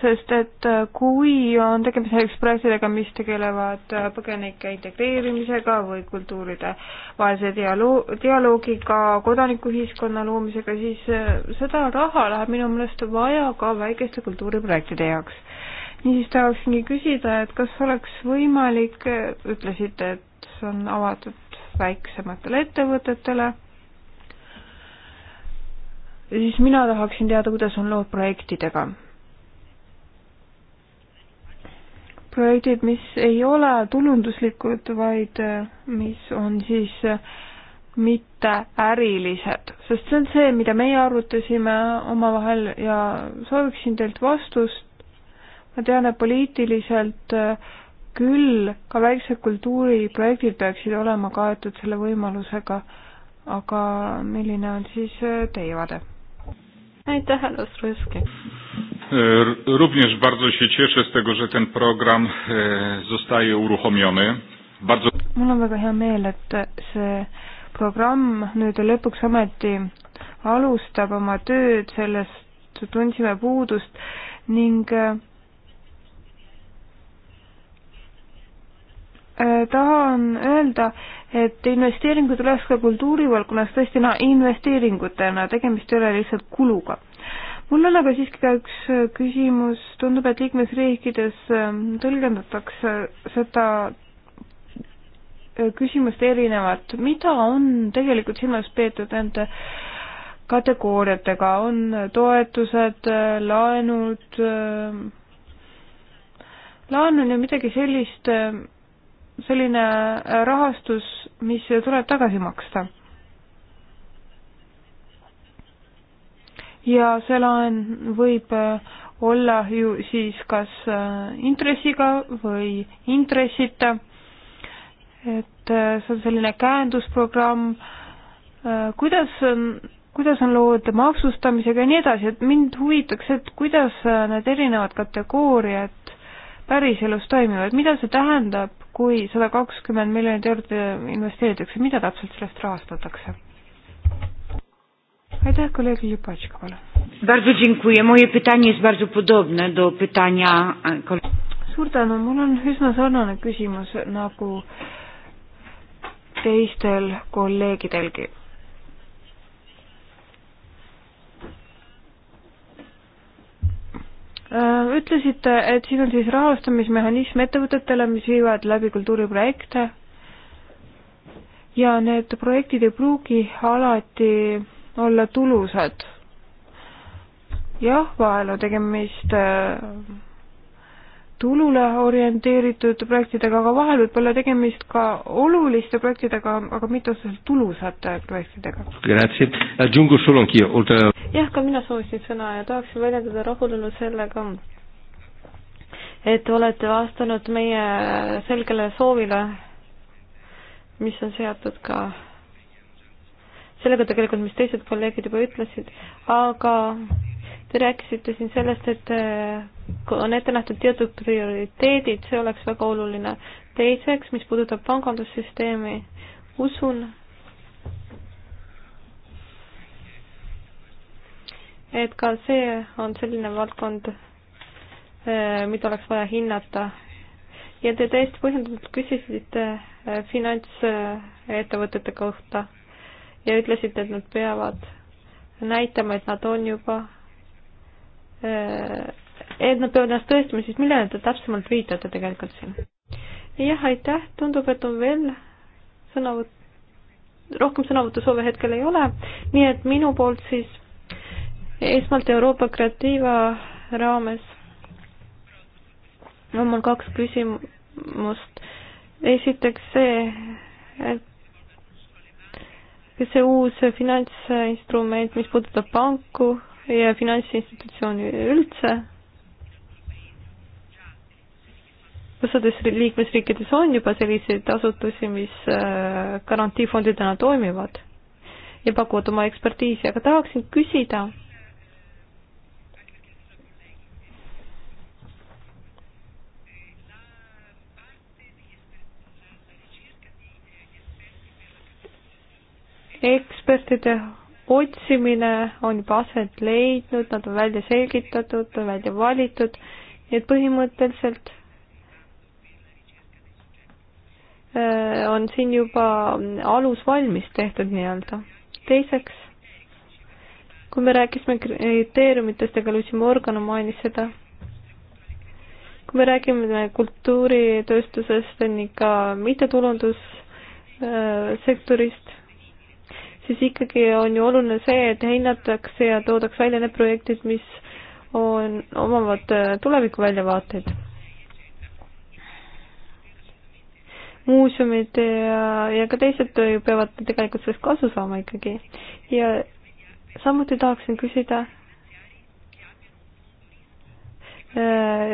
sest et kui on tegemist näiteks projektidega, mis tegelevad põgenike integreerimisega või kultuuride vahelise dialoog, dialoogiga, kodanikuühiskonna loomisega, siis äh, seda raha läheb minu meelest vaja ka väikeste kultuuriprojektide jaoks. niisiis tahaksingi küsida, et kas oleks võimalik, äh, ütlesite, et see on avatud väiksematele ettevõtetele, ja siis mina tahaksin teada, kuidas on lood projektidega projektid, mis ei ole tulunduslikud, vaid äh, mis on siis äh, mitte ärilised, sest see on see, mida meie arutasime omavahel ja sooviksin teilt vastust. ma tean, et poliitiliselt äh, küll ka väiksed kultuuriprojektid peaksid olema kaetud selle võimalusega, aga milline on siis teie vaade? aitäh, Alas Rõõske! E, również bardzo się cieszę z tego, że ten program e, zostaje uruchomiony. Bardzo... mul on väga hea meel, et see programm nüüd lõpuks ometi alustab oma tööd, sellest tundsime puudust ning e, tahan öelda, et investeeringud oleks ka kultuurivaldkonnas tõesti no, investeeringutena, tegemist ei ole lihtsalt kuluga mul on aga siiski ka üks äh, küsimus, tundub, et liikmesriikides ähm, tõlgendatakse seda äh, küsimust erinevalt, mida on tegelikult silmas peetud nende kategooriatega, on toetused, äh, laenud, laen on ju midagi sellist, selline rahastus, mis tuleb tagasi maksta ja see laen võib äh, olla ju siis kas äh, intressiga või intressita. et äh, see on selline käendusprogramm, kuidas, kuidas on lood maksustamisega ja nii edasi, et mind huvitaks, et kuidas need erinevad kategooriad päriselus toimivad, mida see tähendab, kui sada kakskümmend miljonit eurot investeeritakse, mida täpselt sellest rahastatakse? aitäh, kolleeg Ljubatška, palun. Bardzo dziękuję. Moje pytanie jest bardzo podobne do pytania e, suur tänu, mul on üsna sarnane küsimus nagu teistel kolleegidelgi. Äh, ütlesite, et siin on siis rahastamismehhanism ettevõtetele, mis viivad läbi kultuuriprojekte ja need projektid ei pruugi alati olla tulusad. jah, vahel on tegemist äh, tulule orienteeritud projektidega, aga vahel võib olla tegemist ka oluliste projektidega, aga mitte otseselt tulusate projektidega. jah, ka mina soovisin sõna ja tahaksin väljendada rahulolu sellega, et olete vastanud meie selgele soovile, mis on seatud ka sellega tegelikult, mis teised kolleegid juba ütlesid, aga te rääkisite siin sellest, et äh, on ette nähtud teatud prioriteedid, see oleks väga oluline. teiseks, mis puudutab pangandussüsteemi, usun, et ka see on selline valdkond, äh, mida oleks vaja hinnata. ja te täiesti põhjendatult küsisite äh, finantsettevõtete kohta ja ütlesite, et nad peavad näitama, et nad on juba, äh, et nad peavad ennast tõestama, siis millele te täpsemalt viitate tegelikult siin? jah, aitäh, tundub, et on veel sõnavõtt, rohkem sõnavõtusoove hetkel ei ole, nii et minu poolt siis esmalt Euroopa Kreatiiva raames on mul kaks küsimust. esiteks see, et see uus finantsinstrument, mis puudutab panku ja finantsinstitutsiooni üldse, osades liikmesriikides on juba selliseid asutusi, mis äh, garantiifondidena toimivad ja pakuvad oma ekspertiisi, aga tahaksin küsida ekspertide otsimine on juba aset leidnud, nad on välja selgitatud, välja valitud, nii et põhimõtteliselt äh, on siin juba alus valmis tehtud nii-öelda. teiseks, kui me rääkisime kriteeriumitest, ega Lucy Morgan mainis seda, kui me räägime kultuuritööstusest ning ka mittetulundussektorist, siis ikkagi on ju oluline see, et hinnatakse ja toodaks välja need projektid, mis on, omavad äh, tuleviku väljavaateid. muuseumid ja, äh, ja ka teised äh, ju peavad tegelikult sellest kasu saama ikkagi. ja samuti tahaksin küsida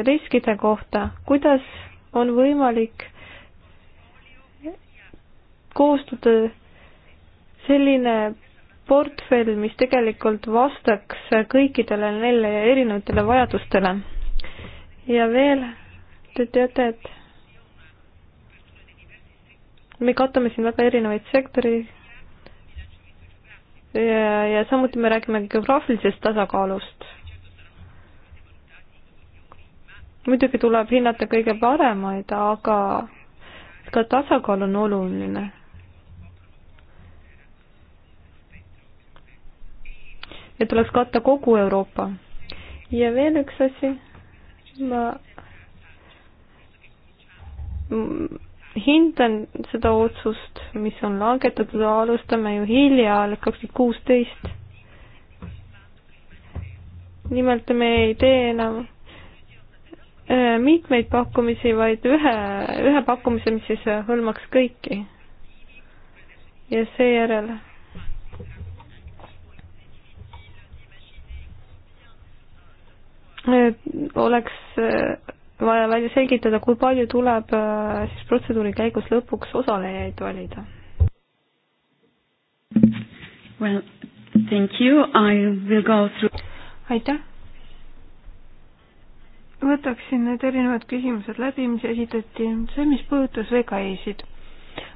riskide kohta, kuidas on võimalik koostada selline portfell, mis tegelikult vastaks kõikidele neile erinevatele vajadustele. ja veel, te teate, et me katame siin väga erinevaid sektoreid ja, ja samuti me räägime geograafilisest tasakaalust. muidugi tuleb hinnata kõige paremaid, aga ka tasakaal on oluline et tuleks katta kogu Euroopa. ja veel üks asi, ma hindan seda otsust, mis on langetatud, alustame ju hilja, kaks tuhat kuusteist. nimelt me ei tee enam äh, mitmeid pakkumisi, vaid ühe, ühe pakkumise, mis siis hõlmaks kõiki. ja seejärel Äh, oleks äh, vaja välja selgitada, kui palju tuleb äh, siis protseduuri käigus lõpuks osalejaid valida? Well, thank you, I will go through. aitäh. võtaksin need erinevad küsimused läbi, mis esitati, see, mis puudutas VKI-sid.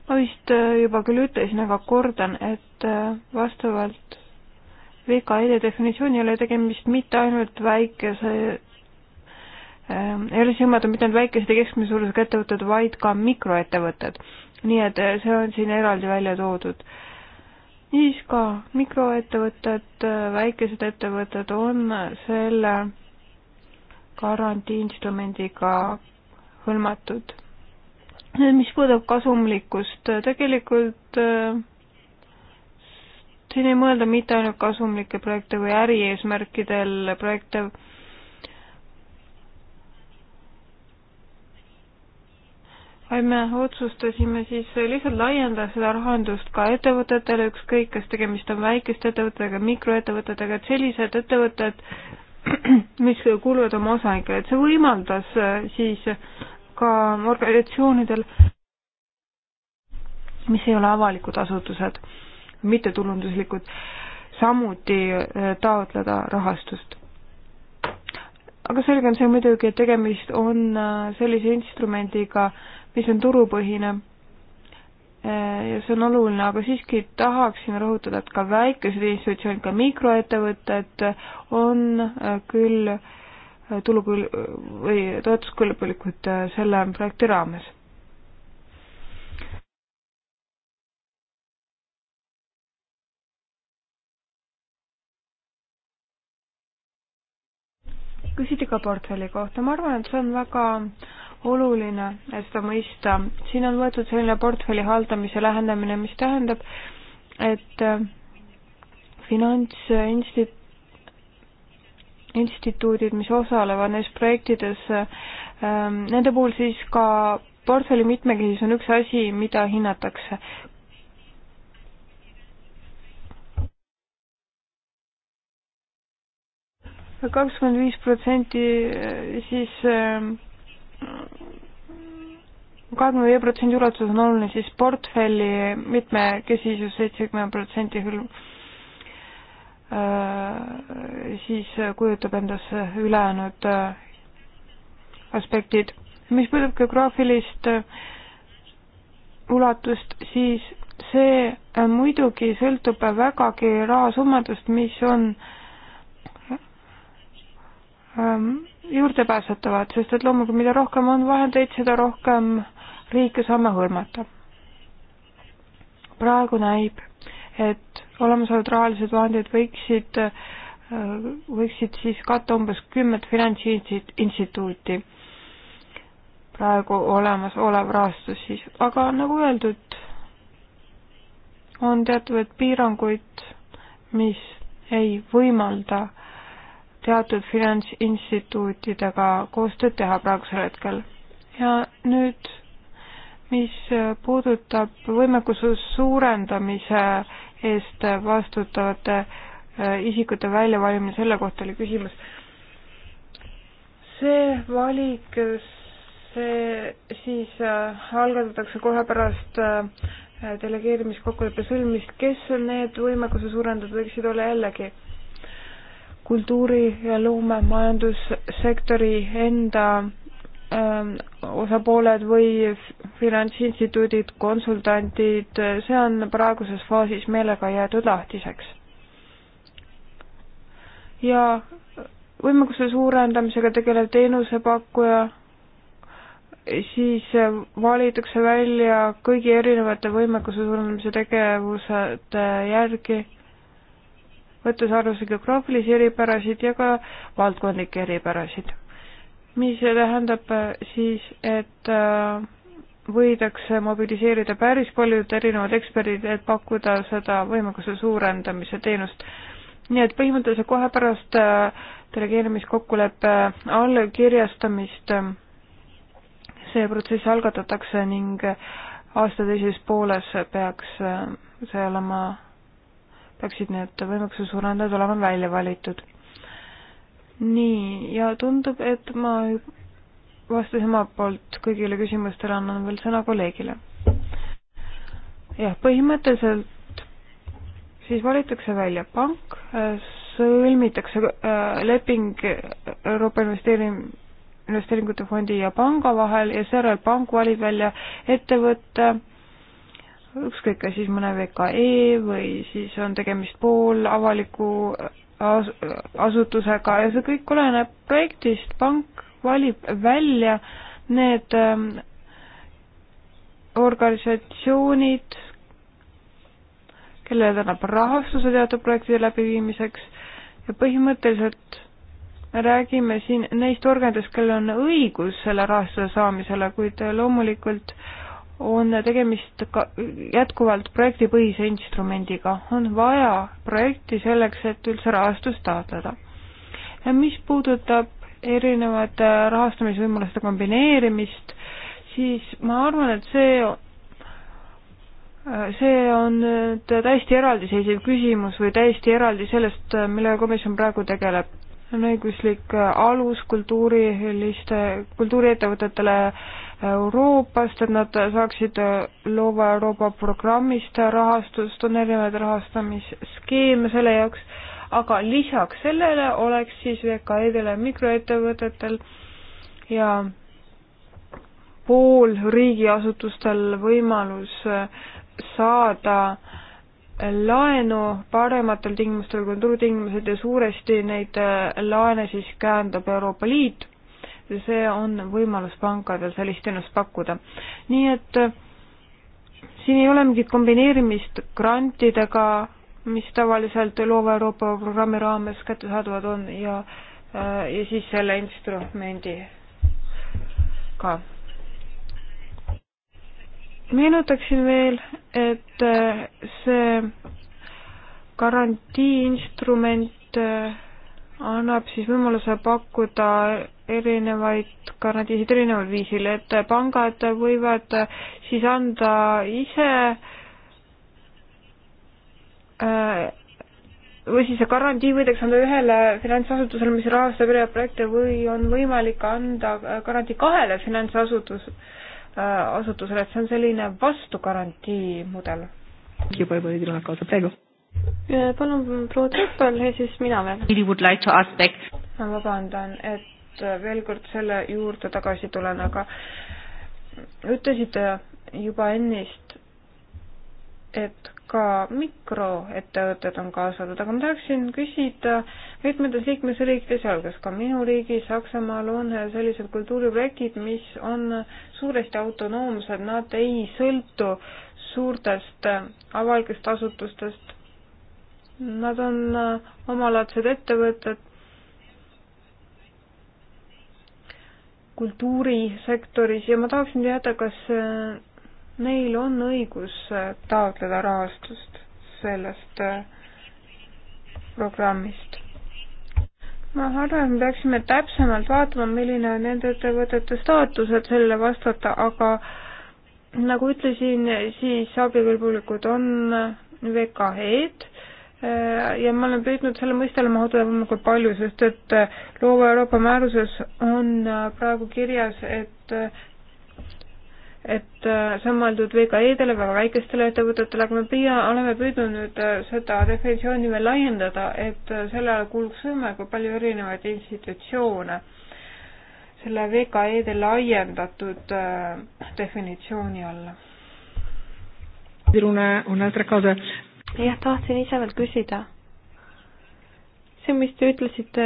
ma vist juba küll ütlesin, aga kordan, et vastavalt VKE-de definitsiooni ei ole tegemist mitte ainult väikese ähm, ei ole silmatud mitte ainult väikesed ja keskmise suurusega ettevõtted, vaid ka mikroettevõtted. nii et äh, see on siin eraldi välja toodud. siis ka mikroettevõtted, äh, väikesed ettevõtted on selle garantiiinstrumendiga hõlmatud. nüüd, mis puudutab kasumlikkust, äh, tegelikult äh, siin ei mõelda mitte ainult kasumlikke projekte või ärieesmärkidel projekte, vaid me otsustasime siis lihtsalt laiendada seda rahandust ka ettevõtetele, ükskõik kas tegemist on väikeste ettevõtetega, mikroettevõtetega, et sellised ettevõtted, mis kuuluvad oma osanikele, et see võimaldas äh, siis ka organisatsioonidel, mis ei ole avalikud asutused mittetulunduslikud, samuti eh, taotleda rahastust. aga selge on see muidugi, et tegemist on eh, sellise instrumendiga, mis on turupõhine eh, ja see on oluline, aga siiski tahaksin rõhutada, et ka väikesed institutsioonid, ka mikroettevõtted on küll tulukül- või toetuskõlbulikud selle projekti raames. küsiti ka portfelli kohta, ma arvan, et see on väga oluline seda mõista. siin on võetud selline portfelli haldamise lähenemine, mis tähendab, et äh, finantsinsti-, instituudid, mis osalevad neis projektides, äh, nende puhul siis ka portfelli mitmekesisus on üks asi, mida hinnatakse. kakskümmend viis protsenti siis ähm, kahekümne viie protsendi ulatuses on oluline siis portfelli mitmekesisus seitsekümmend protsenti hõlm- äh, siis kujutab endast ülejäänud äh, aspektid. mis puudutab geograafilist äh, ulatust, siis see muidugi sõltub vägagi rahasummadest, mis on äh, Ähm, juurdepääsetavad, sest et loomulikult mida rohkem on vahendeid, seda rohkem riike saame hõlmata. praegu näib, et olemasolevad rahalised vahendid võiksid, äh, võiksid siis katta umbes kümmet finantsinstituuti, praegu olemasolev rahastus siis, aga nagu öeldud, on teatavaid piiranguid, mis ei võimalda äh, teatud finantsinstituutidega koostööd teha praegusel hetkel. ja nüüd, mis puudutab võimekuse suurendamise eest vastutavate äh, isikute väljavalimine, selle kohta oli küsimus. see valik, see siis äh, algatatakse kohe pärast äh, delegeerimiskokkuleppe sõlmist, kes need võimekuse suurendajad võiksid olla jällegi kultuuri- ja loomemajandussektori enda ähm, osapooled või finantsinstituudid, konsultandid, see on praeguses faasis meelega jäetud lahtiseks. ja võimekuse suurendamisega tegelev teenusepakkuja, siis valitakse välja kõigi erinevate võimekuse suurendamise tegevused järgi võttes arvesse geograafilisi eripärasid ja ka valdkondlikke eripärasid. mis tähendab äh, siis, et äh, võidakse mobiliseerida päris paljud erinevad eksperdid, et pakkuda seda võimekuse suurendamise teenust. nii et põhimõtteliselt kohe pärast äh, delegeerimiskokkuleppe allkirjastamist see protsess algatatakse ning aasta teises pooles peaks see olema peaksid need võimekuse suurendajad olema välja valitud. nii, ja tundub, et ma vastasin omalt poolt kõigile küsimustele, annan veel sõna kolleegile. jah, põhimõtteliselt siis valitakse välja pank, äh, sõlmitakse äh, leping Euroopa investeerim-, investeeringute fondi ja panga vahel ja seejärel pank valib välja ettevõtte, ükskõik, kas siis mõne VKE või siis on tegemist poolavaliku as asutusega ja see kõik oleneb projektist, pank valib välja need ähm, organisatsioonid, kellele ta annab rahastuse teatud projektide läbiviimiseks ja põhimõtteliselt me räägime siin neist organitest, kellel on õigus selle rahastuse saamisele, kuid loomulikult äh, on tegemist ka jätkuvalt projektipõhise instrumendiga, on vaja projekti selleks, et üldse rahastust taotleda. mis puudutab erinevate rahastamisvõimaluste kombineerimist, siis ma arvan, et see, see on nüüd täiesti eraldiseisev küsimus või täiesti eraldi sellest, millega komisjon praegu tegeleb. on õiguslik alus kultuuriliste, kultuuriettevõtetele äh, Euroopast, et nad saaksid loova Euroopa programmist rahastust, on erinevaid rahastamisskeeme selle jaoks, aga lisaks sellele oleks siis VKE-del ja mikroettevõtetel ja pool riigiasutustel võimalus saada laenu parematel tingimustel kui turutingimused ja suuresti neid laene siis käendab Euroopa Liit see on võimalus pankadel sellist teenust pakkuda. nii et äh, siin ei ole mingit kombineerimist grantidega, mis tavaliselt loova Euroopa programmi raames kättesaadavad on ja, äh, ja siis selle instrumendi ka. meenutaksin veel, et äh, see garantiiinstrument annab siis võimaluse pakkuda erinevaid garantiisid erineval viisil, et pangad võivad siis anda ise või siis see garantii võidakse anda ühele finantsasutusele, mis rahastab erinevaid projekte või on võimalik anda garantii kahele finantsasutus, asutusele, et see on selline vastugarantii mudel. juba, juba, Igor Nakasa, praegu Eh, palun proua Trüppel ja siis mina veel. ma vabandan, et veel kord selle juurde tagasi tulen, aga ütlesite juba ennist, et ka mikroettevõtted on kaasatud, aga ma tahaksin küsida, mitmetes liikmesriikides, sealhulgas ka minu riigis, Saksamaal on sellised kultuuriprojektid, mis on suuresti autonoomsed, nad ei sõltu suurtest äh, avalikest asutustest, Nad on äh, omalaadsed ettevõtted, kultuurisektoris ja ma tahaksin teada, kas äh, neil on õigus äh, taotleda rahastust sellest programmist. ma arvan, et me peaksime täpsemalt vaatama, milline on nende ettevõtete staatus, et sellele vastata, aga nagu ütlesin, siis abikõlbulikud on VKE-d Äh, ja ma olen püüdnud selle mõistele mahutada võimalikult palju, sest et äh, loova Euroopa määruses on äh, praegu kirjas, et et see on mõeldud VKE-dele, väga väikestele ettevõtetele, aga me püüa, oleme püüdnud nüüd seda definitsiooni veel laiendada, et selle alla kuuluks võimalikult palju erinevaid institutsioone selle VKE-de laiendatud definitsiooni alla. Una, un'altra cosa, jah, tahtsin ise veel küsida. see, mis te ütlesite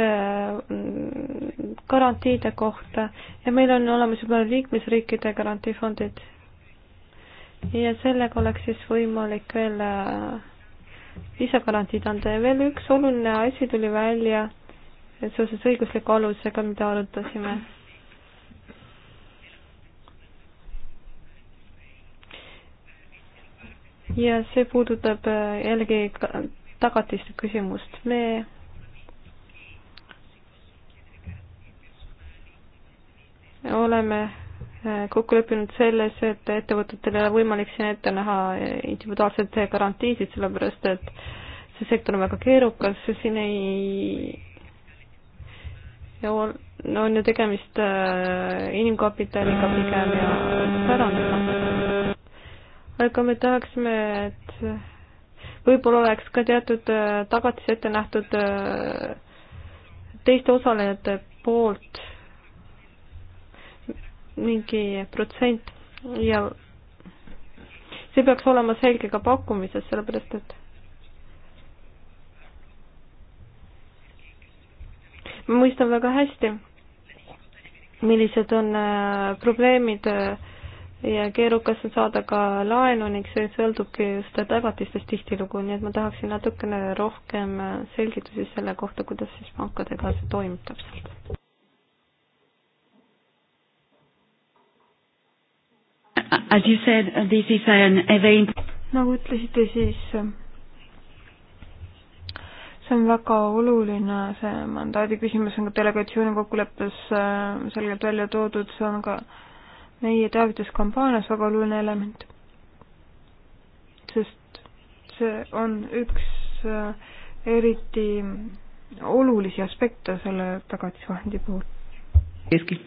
mm, garantiide kohta ja meil on olemas juba liikmesriikide garantiifondid. ja sellega oleks siis võimalik veel äh, lisagarantiid anda ja veel üks oluline asi tuli välja seoses õigusliku alusega, mida arutasime ja see puudutab äh, jällegi tagatiste küsimust. me oleme äh, kokku leppinud selles, et ettevõtetel ei ole võimalik siin ette näha äh, individuaalseid garantiisid, sellepärast et see sektor on väga keerukas, siin ei on, on ju tegemist inimkapitaliga pigem ja pärandiga aga me tahaksime, et võib-olla oleks ka teatud äh, tagatis ette nähtud äh, teiste osalejate poolt mingi protsent ja see peaks olema selge ka pakkumises, sellepärast et ma mõistan väga hästi, millised on äh, probleemid äh, ja keerukas on saada ka laenu ning see sõltubki just tagatistest tihtilugu, nii et ma tahaksin natukene rohkem äh, selgitusi selle kohta, kuidas siis pankadega see toimub täpselt. As you said, uh, this is an event. nagu ütlesite, siis äh, see on väga oluline, see mandaadi küsimus on ka delegatsiooni kokkuleppes äh, selgelt välja toodud, see on ka äh, meie teavituskampaanias väga oluline element. sest see on üks äh, eriti olulisi aspekte selle tagatisvahendi puhul. Eski.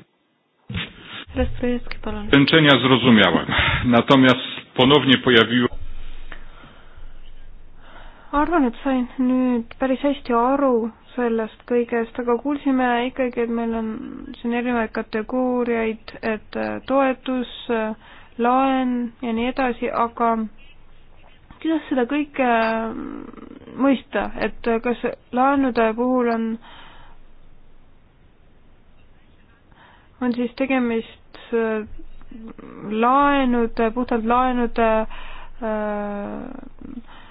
Rastrejeski, palun. Tęczenia zrozumiałem, natomiast ponownie pojawiło arvan, et sain nüüd päris hästi aru sellest kõigest, aga kuulsime ikkagi, et meil on siin erinevaid kategooriaid, et äh, toetus, äh, laen ja nii edasi, aga kuidas seda kõike äh, mõista, et kas laenude puhul on, on siis tegemist laenude, puhtalt laenude äh,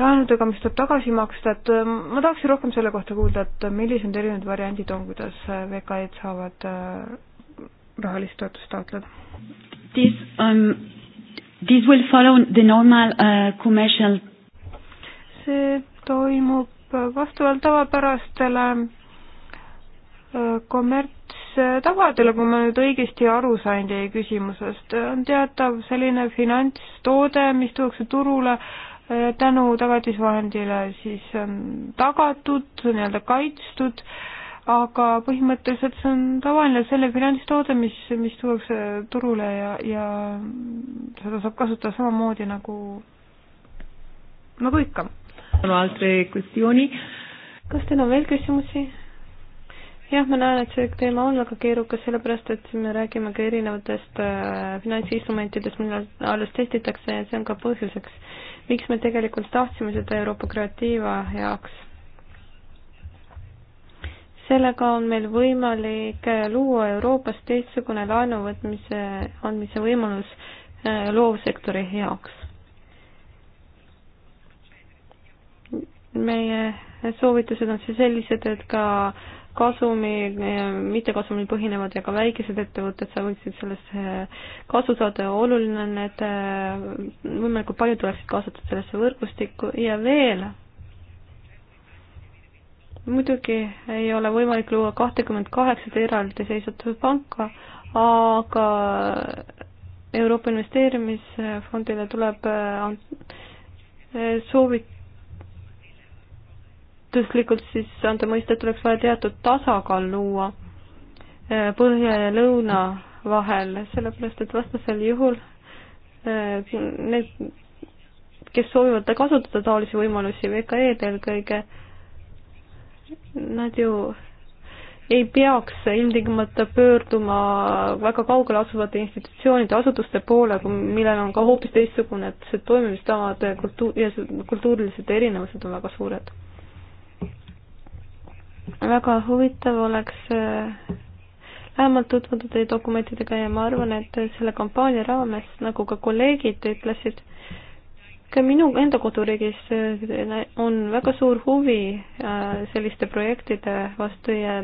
laenudega, mis tuleb tagasi maksta, et äh, ma tahaksin rohkem selle kohta kuulda, et äh, millised erinevad variandid on, kuidas äh, VKE-d saavad rahalist toetust taotleda? This um,, this will follow the normal uh, commercial see toimub vastavalt tavapärastele kommertstavadele, kui ma nüüd õigesti aru sain teie küsimusest, on teatav selline finantstoode, mis tuuakse turule äh, tänu tagatisvahendile siis tagatud, nii-öelda kaitstud, aga põhimõtteliselt see on tavaline selle finantstoode, mis, mis tuuakse turule ja, ja seda saab kasutada samamoodi nagu, nagu ikka. kas teil on veel küsimusi? jah, ma näen, et see teema on väga keerukas, sellepärast et siin me räägime ka erinevatest äh, finantsinstrumentidest, mida alles testitakse ja see on ka põhjuseks miks me tegelikult tahtsime seda Euroopa Kreatiiva heaks. sellega on meil võimalik luua Euroopas teistsugune laenuvõtmise, andmise võimalus äh, loovsektori heaks. meie soovitused on siis sellised, et ka äh, kasumi, mittekasumil põhinevad ja ka väikesed ettevõtted, sa võiksid sellest äh, kasu saada ja oluline on, et äh, võimalikult paljud oleksid kaasatud sellesse võrgustikku ja veel, muidugi ei ole võimalik luua kahtekümmet kaheksat eraldiseisvat panka, aga Euroopa Investeerimisfondile tuleb äh, soovit-, üldistuslikult siis anda mõista, et oleks vaja teatud tasakaal luua eh, põhja ja lõuna vahel, sellepärast et vastasel juhul eh, need, kes soovivad kasutada taolisi võimalusi, VKE-d eelkõige, nad ju ei peaks ilmtingimata pöörduma väga kaugele asuvate institutsioonide, asutuste poole, millel on ka hoopis teistsugune, et see toimimistavad kultuur ja kultuurilised erinevused on väga suured väga huvitav oleks vähemalt äh, tutvuda teie dokumentidega ja ma arvan, et selle kampaania raames, nagu ka kolleegid ütlesid, ka minu enda koduriigis äh, on väga suur huvi äh, selliste projektide vastu ja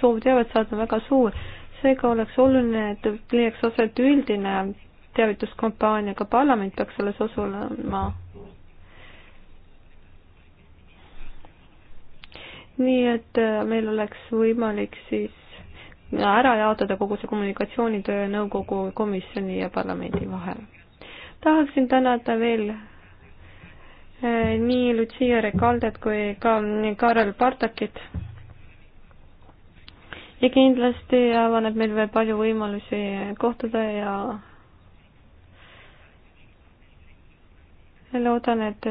soov teavet saada on väga suur. seega oleks oluline, et leiaks aset üldine teavituskampaania, ka parlament peaks selles osalema nii et äh, meil oleks võimalik siis ära jaotada kogu see kommunikatsioonitöö nõukogu, komisjoni ja parlamendi vahel. tahaksin tänada veel äh, nii Lucia Recaldet kui ka Karel Partakit. ja kindlasti avaneb meil veel palju võimalusi kohtuda ja loodan, et